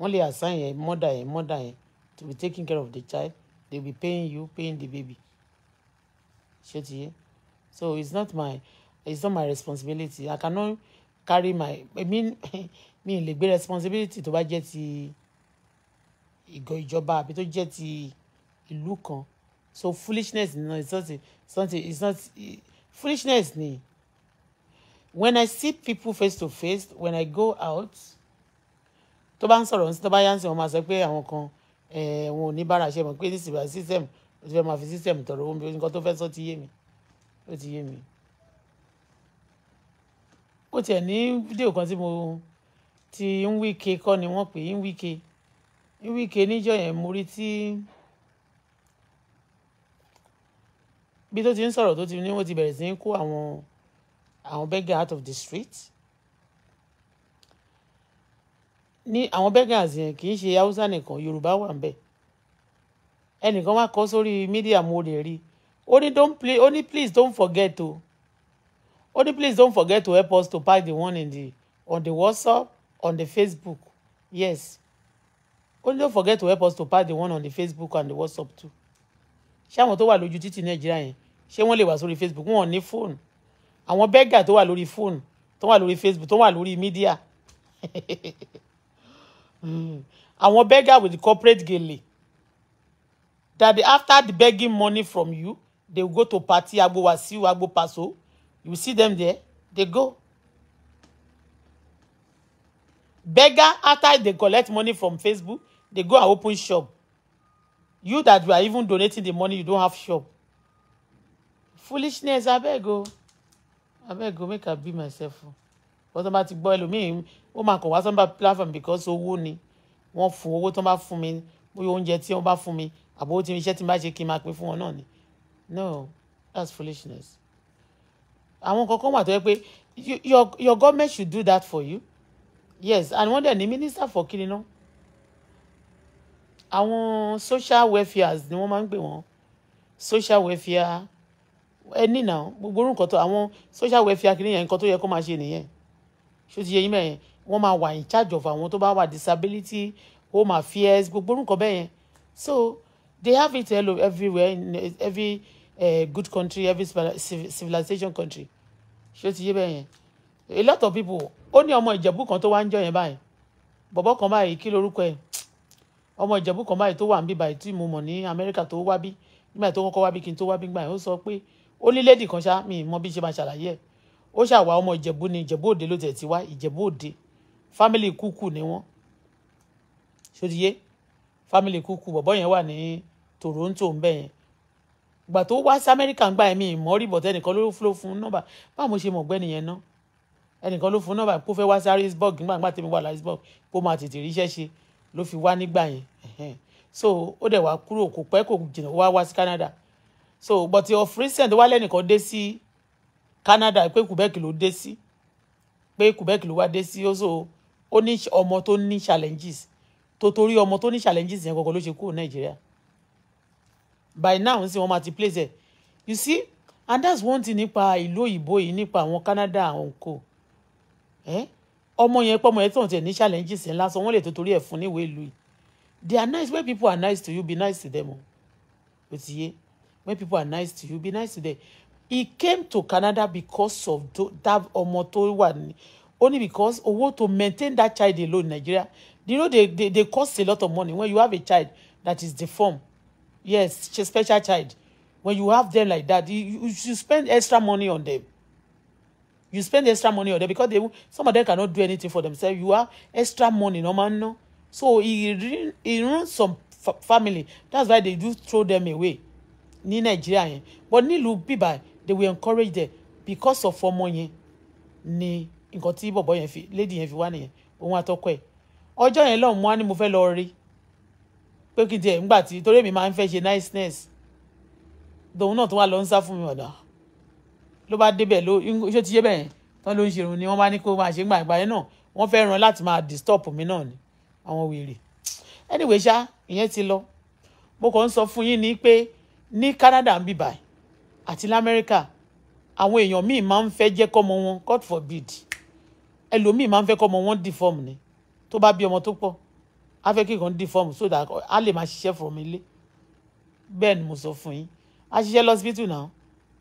wọ́n lè assign yẹn mother yẹn mother yẹn to be taking care of the child they be paying you paying the baby ṣé ti yẹ so it's not my it's not my responsibility i cannot carry my i mean mi lè gbé responsibility to bá jẹ́ ti ìgò ìjọba àbí tó jẹ́ ti ìlú kan so foolishness no it's not it's not it's not foolishness ni when i see people face to face when i go out tó bá ń sọ̀rọ̀ ní tó bá yá ń sìn wọ́n máa sọ pé àwọn kan eh, wọn ò ní bára ṣe mọ̀ pé ní civil system ó ti fẹ́ máa fi system tọrọ omi nǹkan tó fẹ́ sọ ti yé mi ó ti yé mi ó tiẹ̀ ní fídíò kan tí mo ti ń wíke kọ́ ni wọ́n pè ń wíke ń wíke níjọ́ yẹn mo rí tí bí tó ti ń sọ̀rọ̀ tó ti ní wọ́n ti bẹ̀rẹ̀ sí ń kó àwọn àwọn beggar out of the street ní àwọn beggars yẹn kì í ṣe haúsá nìkan yorùbá wà ń bẹ̀ ẹnìkan wá kọ sórí mídíà mo lè rí i Only don't play Only please don't forget to. Only please don't forget to help us to pack the one in the on the WhatsApp on the Facebook yes Only don't forget to help us to pack the one on the Facebook and the WhatsApp too ṣé àwọn tó wà lójú títì Nàìjíríà yẹn ṣé wọ́n lè Facebook wọn ò ní fóònù àwọn bẹ́gà tó wà lórí phone. tó wà Facebook tó wà media. I àwọn beggar with the corporate gele that after the begging money from you they go to party agbo wasiu agbo paso you see them there they go beggar after they collect money from facebook they go and open shop you that you are even donating the money you don't have shop foolishness abeg o abeg o make i be myself What about the boy? ti gbọ́ ẹlòmíín ó máa platform because owó ni wọ́n fún owó tó bá fún mi bóyá oúnjẹ tí wọ́n bá fún mi àbówó tí iṣẹ́ tí n bá ṣe kí n máa pín fún wọn ni no that's foolishness àwọn kankan wà tó yẹ pé your your government should do that for you yes and wọ́n dẹ̀ ní minister for kí ni náà àwọn social welfare. ni wọ́n máa ń gbé wọn social welfare ẹni náà gbogbo orúkọ tó àwọn social welfare kìnìún yẹn nǹkan tó yẹ kó máa ṣe nìyẹn ṣó ti yẹ yín máa wà in charge of àwọn tó bá wà disability home affairs gbogbo orúkọ bẹ́ẹ̀ yẹn so they have it everywhere in every uh, good country every civilization country ṣé ti yé bẹ́ẹ̀ yẹn a lot of people ó ní ọmọ ìjẹ̀bú kan tó wá ń jọ yẹn báyìí bọ̀bọ̀ kan báyìí kí lorúkọ ẹ̀ ọmọ ìjẹ̀bú kan báyìí tó wà ń bí báyìí tí mo mọ̀ ní amẹ́ríkà tó wá bí nígbà tó kọ́kọ́ wá bí kí n tó wá bí gbà yẹn ó sọ pé ó ní lady kan ṣá mi mọ bí ṣe máa ṣàlàyé ẹ̀ ó ṣàwà ọmọ ìjẹ̀bú ni ìjẹ̀bú òde ló tẹ̀ ti wá ìjẹ̀bú òde family kúkú ni wọ́n ṣó ti yé family kúkú bọ̀bọ̀ yẹn wà ní toronto ń bẹ̀ yẹn ìgbà tó wá sí amẹ́ríkà ń gba ẹ̀mí ìmọ̀rí bọ̀tẹ́ ẹnìkan ló ló fún nọ́mbà báwo mo ṣe mọ̀ gbẹ́ nìyẹn ná ẹnìkan ló fún nọ́mbà kó fẹ́ wá sí harrisburg nígbà nígbà tèmi wà harrisburg kó máa tètè ríṣẹ́ ṣe ló fi wá nígbà yẹn so ó dẹ̀ wá kúrò kò pẹ́ kò jìnnà wá wá sí canada so but of recent wá lẹ́nìkan dé sí canada pé quebec ló dé sí pé quebec ló wá dé sí ó so ó ní ọmọ tó ní challenges tó torí ọmọ tó ní challenges yẹn kọ̀ọ̀kan ló ṣe kúrò nàìjíríà by now nsìn wọ́n máa ti place ẹ̀ you see and that's one thing nípa ìlú òyìnbó yìí nípa àwọn Canada àwọn kò eh? ọmọ yẹn pọ́mọ yẹn tó ń tẹ̀ ní challenges ńlá sọ wọ́n lè tó torí ẹ̀ fún níwèé ìlú yìí they are nice when people are nice to you be nice to them o ó ti yé when people are nice to you be nice to them he came to Canada because of that ọmọ tó wà ní only because owó to maintain that child alone in Nigeria you know they, they they cost a lot of money when you have a child that is deformed yes she's special child when you have them like that you, you spend extra money on them you spend extra money on them because they some of them cannot do anything for themselves you have extra money no man no so he he ruin some fa family that's why they do throw them away Ni Nigeria, yẹn but nílùú bíbá they will encourage them because of ọmọ yẹn ni nǹkan tí bọ̀bọ̀ yẹn fi lady yẹn fi wá nìyẹn òun àtọkọ ẹ̀ ọjọ́ yẹn lọ́hùn-ún wá mo fẹ́ lọ rí i pé kí n tiẹ̀ ńgbà tí torí èmi máa ń fẹ́ ṣe niceness tòun náà tó wà lọ ń sá fún mi ọ̀dà ló bá débẹ̀ ló ṣé ti ṣe bẹ́ẹ̀ tán ló ń ṣerun ni wọ́n bá ní kó máa ṣe ń gbà ìgbà yẹn náà wọ́n fẹ́ ran láti máa disturb mi náà ni àwọn wèrè anyway ṣá ìyẹn ti lọ mo kàn ń sọ fún yín ni pé ní Canada ń bíbà àti lamẹ́ríkà àwọn èèyàn míì máa ń fẹ́ jẹ́ kọ́mọ wọn God forbid ẹlòmíì máa ń fẹ́ kọ́mọ wọn deform ni tó bá bí ọmọ tó pọ̀ a fẹ́ kí nǹkan dì fọ́ọ̀mù so that a lè máa ṣiṣẹ́ from ilé bẹ́ẹ̀ ni mo sọ fún yín a ṣiṣẹ́ lọ́sibítù náà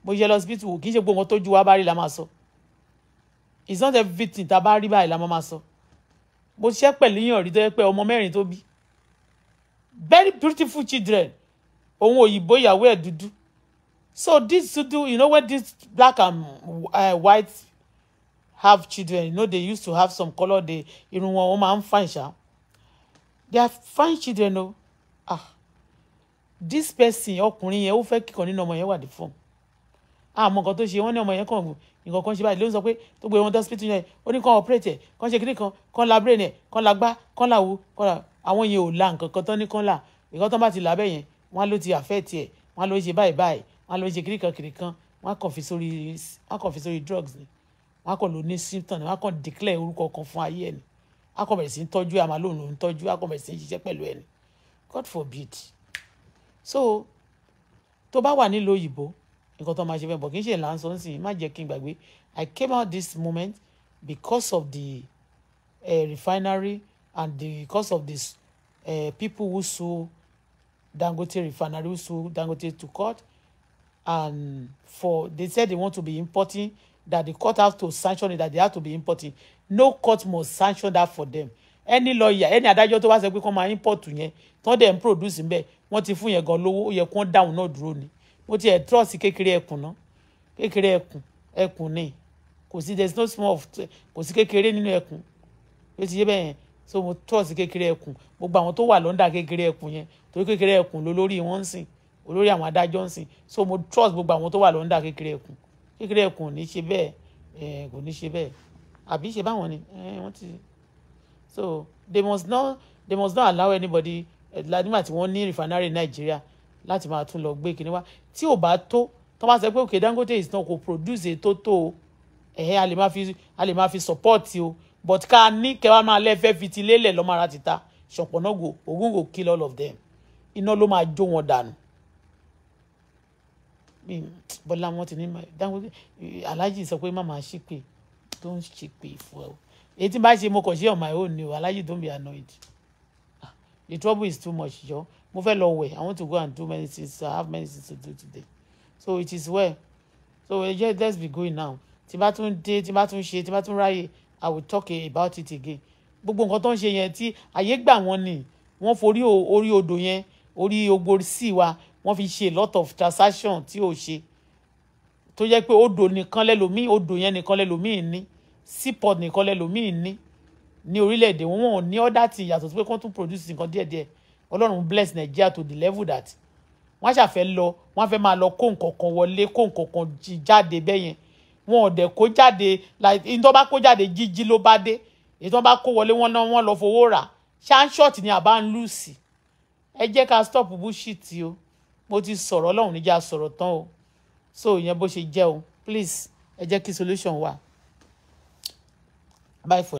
mo ṣiṣẹ́ lọ́sibítù kì í ṣe gbogbo nǹkan tó ju wa bá rí la máa sọ it's not everything tá a bá rí báyìí la máa sọ mo ṣiṣẹ́ pẹ̀lú yàn rí tó yẹ pé ọmọ mẹ́rin tó bí very beautiful children òun òyìnbó ìyàwó ẹ̀ dúdú so this to do, you know when this black and uh, white have children you know they used to have some colour they irun wọn wọn máa ń fàìṣà they are fine children o oh. ah this person ọkùnrin yẹn ó fẹ́ kíkan nínú ọmọ yẹn wà ní fọ́ọ̀mù àmọ́ ah, nǹkan tó ṣe wọ́n ní ọmọ yẹn kàn nǹkan kan ṣe báyìí ló ń sọ pé tó gbé wọn dọ́sípítì yẹn ó ní kàn ọ̀pẹ́rẹ́tẹ̀ kàn ṣe kíní kan kàn la brain ẹ̀ kàn la gbá kàn la wo kàn la àwọn yẹn ò la nǹkan kan tán ní kàn la nǹkan tán bá ti là bẹ́ẹ̀ yẹn wọ́n ló ti affect ẹ̀ wọ́n ló ṣe báyìí báyìí wọ́n ló ṣe kíní kan kíní kan wọ́n kàn fi sórí wọ́n kàn fi sórí drugs ni wọ́n kàn ló ní symptom ni wọ́n kàn declare orúkọ kan fún ayé ẹ̀ ni á kọ̀ bẹ̀rẹ̀ sí ń tọ́jú ẹ̀ àmàlóhùn ló ń tọ́jú á kọ̀ bẹ̀rẹ̀ sí ń ṣiṣẹ́ pẹ̀lú ẹni God forbid so tó bá wà nílùú òyìnbó nǹkan tó máa ṣe fẹ́ bọ̀ kì í ṣe là ń sọ sí má jẹ́ kí n gbàgbé I came out this moment because of the uh, refinery and the, because of the uh, people who sue Dangote refinery who sue Dangote to court and for they said they want to be importing that the court have to sanction it that they have to be importing no court must sanction that for them any lawyer any adájọ́ tó bá sọ pé kán máa import yẹn tán dẹ̀ ń produce ńbẹ̀ wọ́n ti fún yẹn gan lówó ó yẹ kí wọ́n dáhùn náà dúró ni mo ti ẹ̀ trust kékeré ẹkùn náà kékeré ẹkùn ẹkùn ni kò sí there is no small kò sí kékeré nínú ẹkùn ó ti yé bẹ́ẹ̀ yẹn so mo trust kékeré ẹkùn gbogbo àwọn tó wà lọ́ndà kékeré ẹkùn yẹn torí kékeré ẹkùn ló lórí wọn ń sìn olórí àwọn adájọ́ ń sìn so mo trust gbogbo àwọn tó wà lọ́ndà kékeré ẹkùn kékeré ẹkùn ò ní ṣe bẹ́ẹ̀ kò ní ṣe bẹ́ẹ̀ àbí ṣe báwọn ni wọ́n ti so they must not they must not allow anybody eh, nígbà tí wọ́n ní refinery in Nigeria láti máa tún lọ gbé kíní wá tí ò bá tó tó bá sọ pé òkè Dangote is not go produce ètò tó o ẹ̀hẹ́ a lè máa fi a lè máa fi support o but ká ní kẹwàá máa lẹ́fẹ́ fi ti lélẹ̀ lọ́mọ ara ti ta ṣọ̀pọ̀nà go ogun go kill all of them iná ló máa jó wọn dànù. bọ́lá wọn ti ní Dangote Alhaji sọ pé má máa ṣí pé don't cheap it well èyí tí n bá on my own ni Allow you don't be annoyed ah, the trouble is too much Joe. Move a long way. i want to go and do many things i have many things to do today so it is well so eh, just let's be going now tí day. tún dé tí bá i will talk about it again But nǹkan tó ń I yẹn back one gbà One for you. forí orí odò yẹn orí ogbó sí wa wọ́n a lot of transaction tí ò tó jẹ́ pé odò nìkan lẹ́lòmíì odò yẹn nìkan lẹ́lòmíì ní seaport nìkan lẹ́lòmíì ní ní orílẹ̀-èdè wọn wọn ní ọ́dà tí ìyàtọ̀ sí pé kán tún produce nǹkan díẹ̀díẹ̀ ọlọ́run bless Nigeria to the level that wọ́n ṣàfẹ́ lọ wọ́n fẹ́ máa lọ kó nǹkan kan wọlé kó nǹkan kan jáde bẹ́yẹn wọn ò dẹ̀ kó jáde ní tó bá kó jáde jíjí ló bá dé èyí tó bá kó wọlé wọn náà wọn lọ fowó rà ṣáńṣọ́ọ̀t ni àbá ń lù sí ẹ jẹ́ ká stop bullshit o mo ti sọ̀rọ̀ ọlọ́run níjà sọ̀rọ̀ tán o so ìyẹn bó ṣe jẹ́ o please ẹ jẹ́ kí solution wà bye for.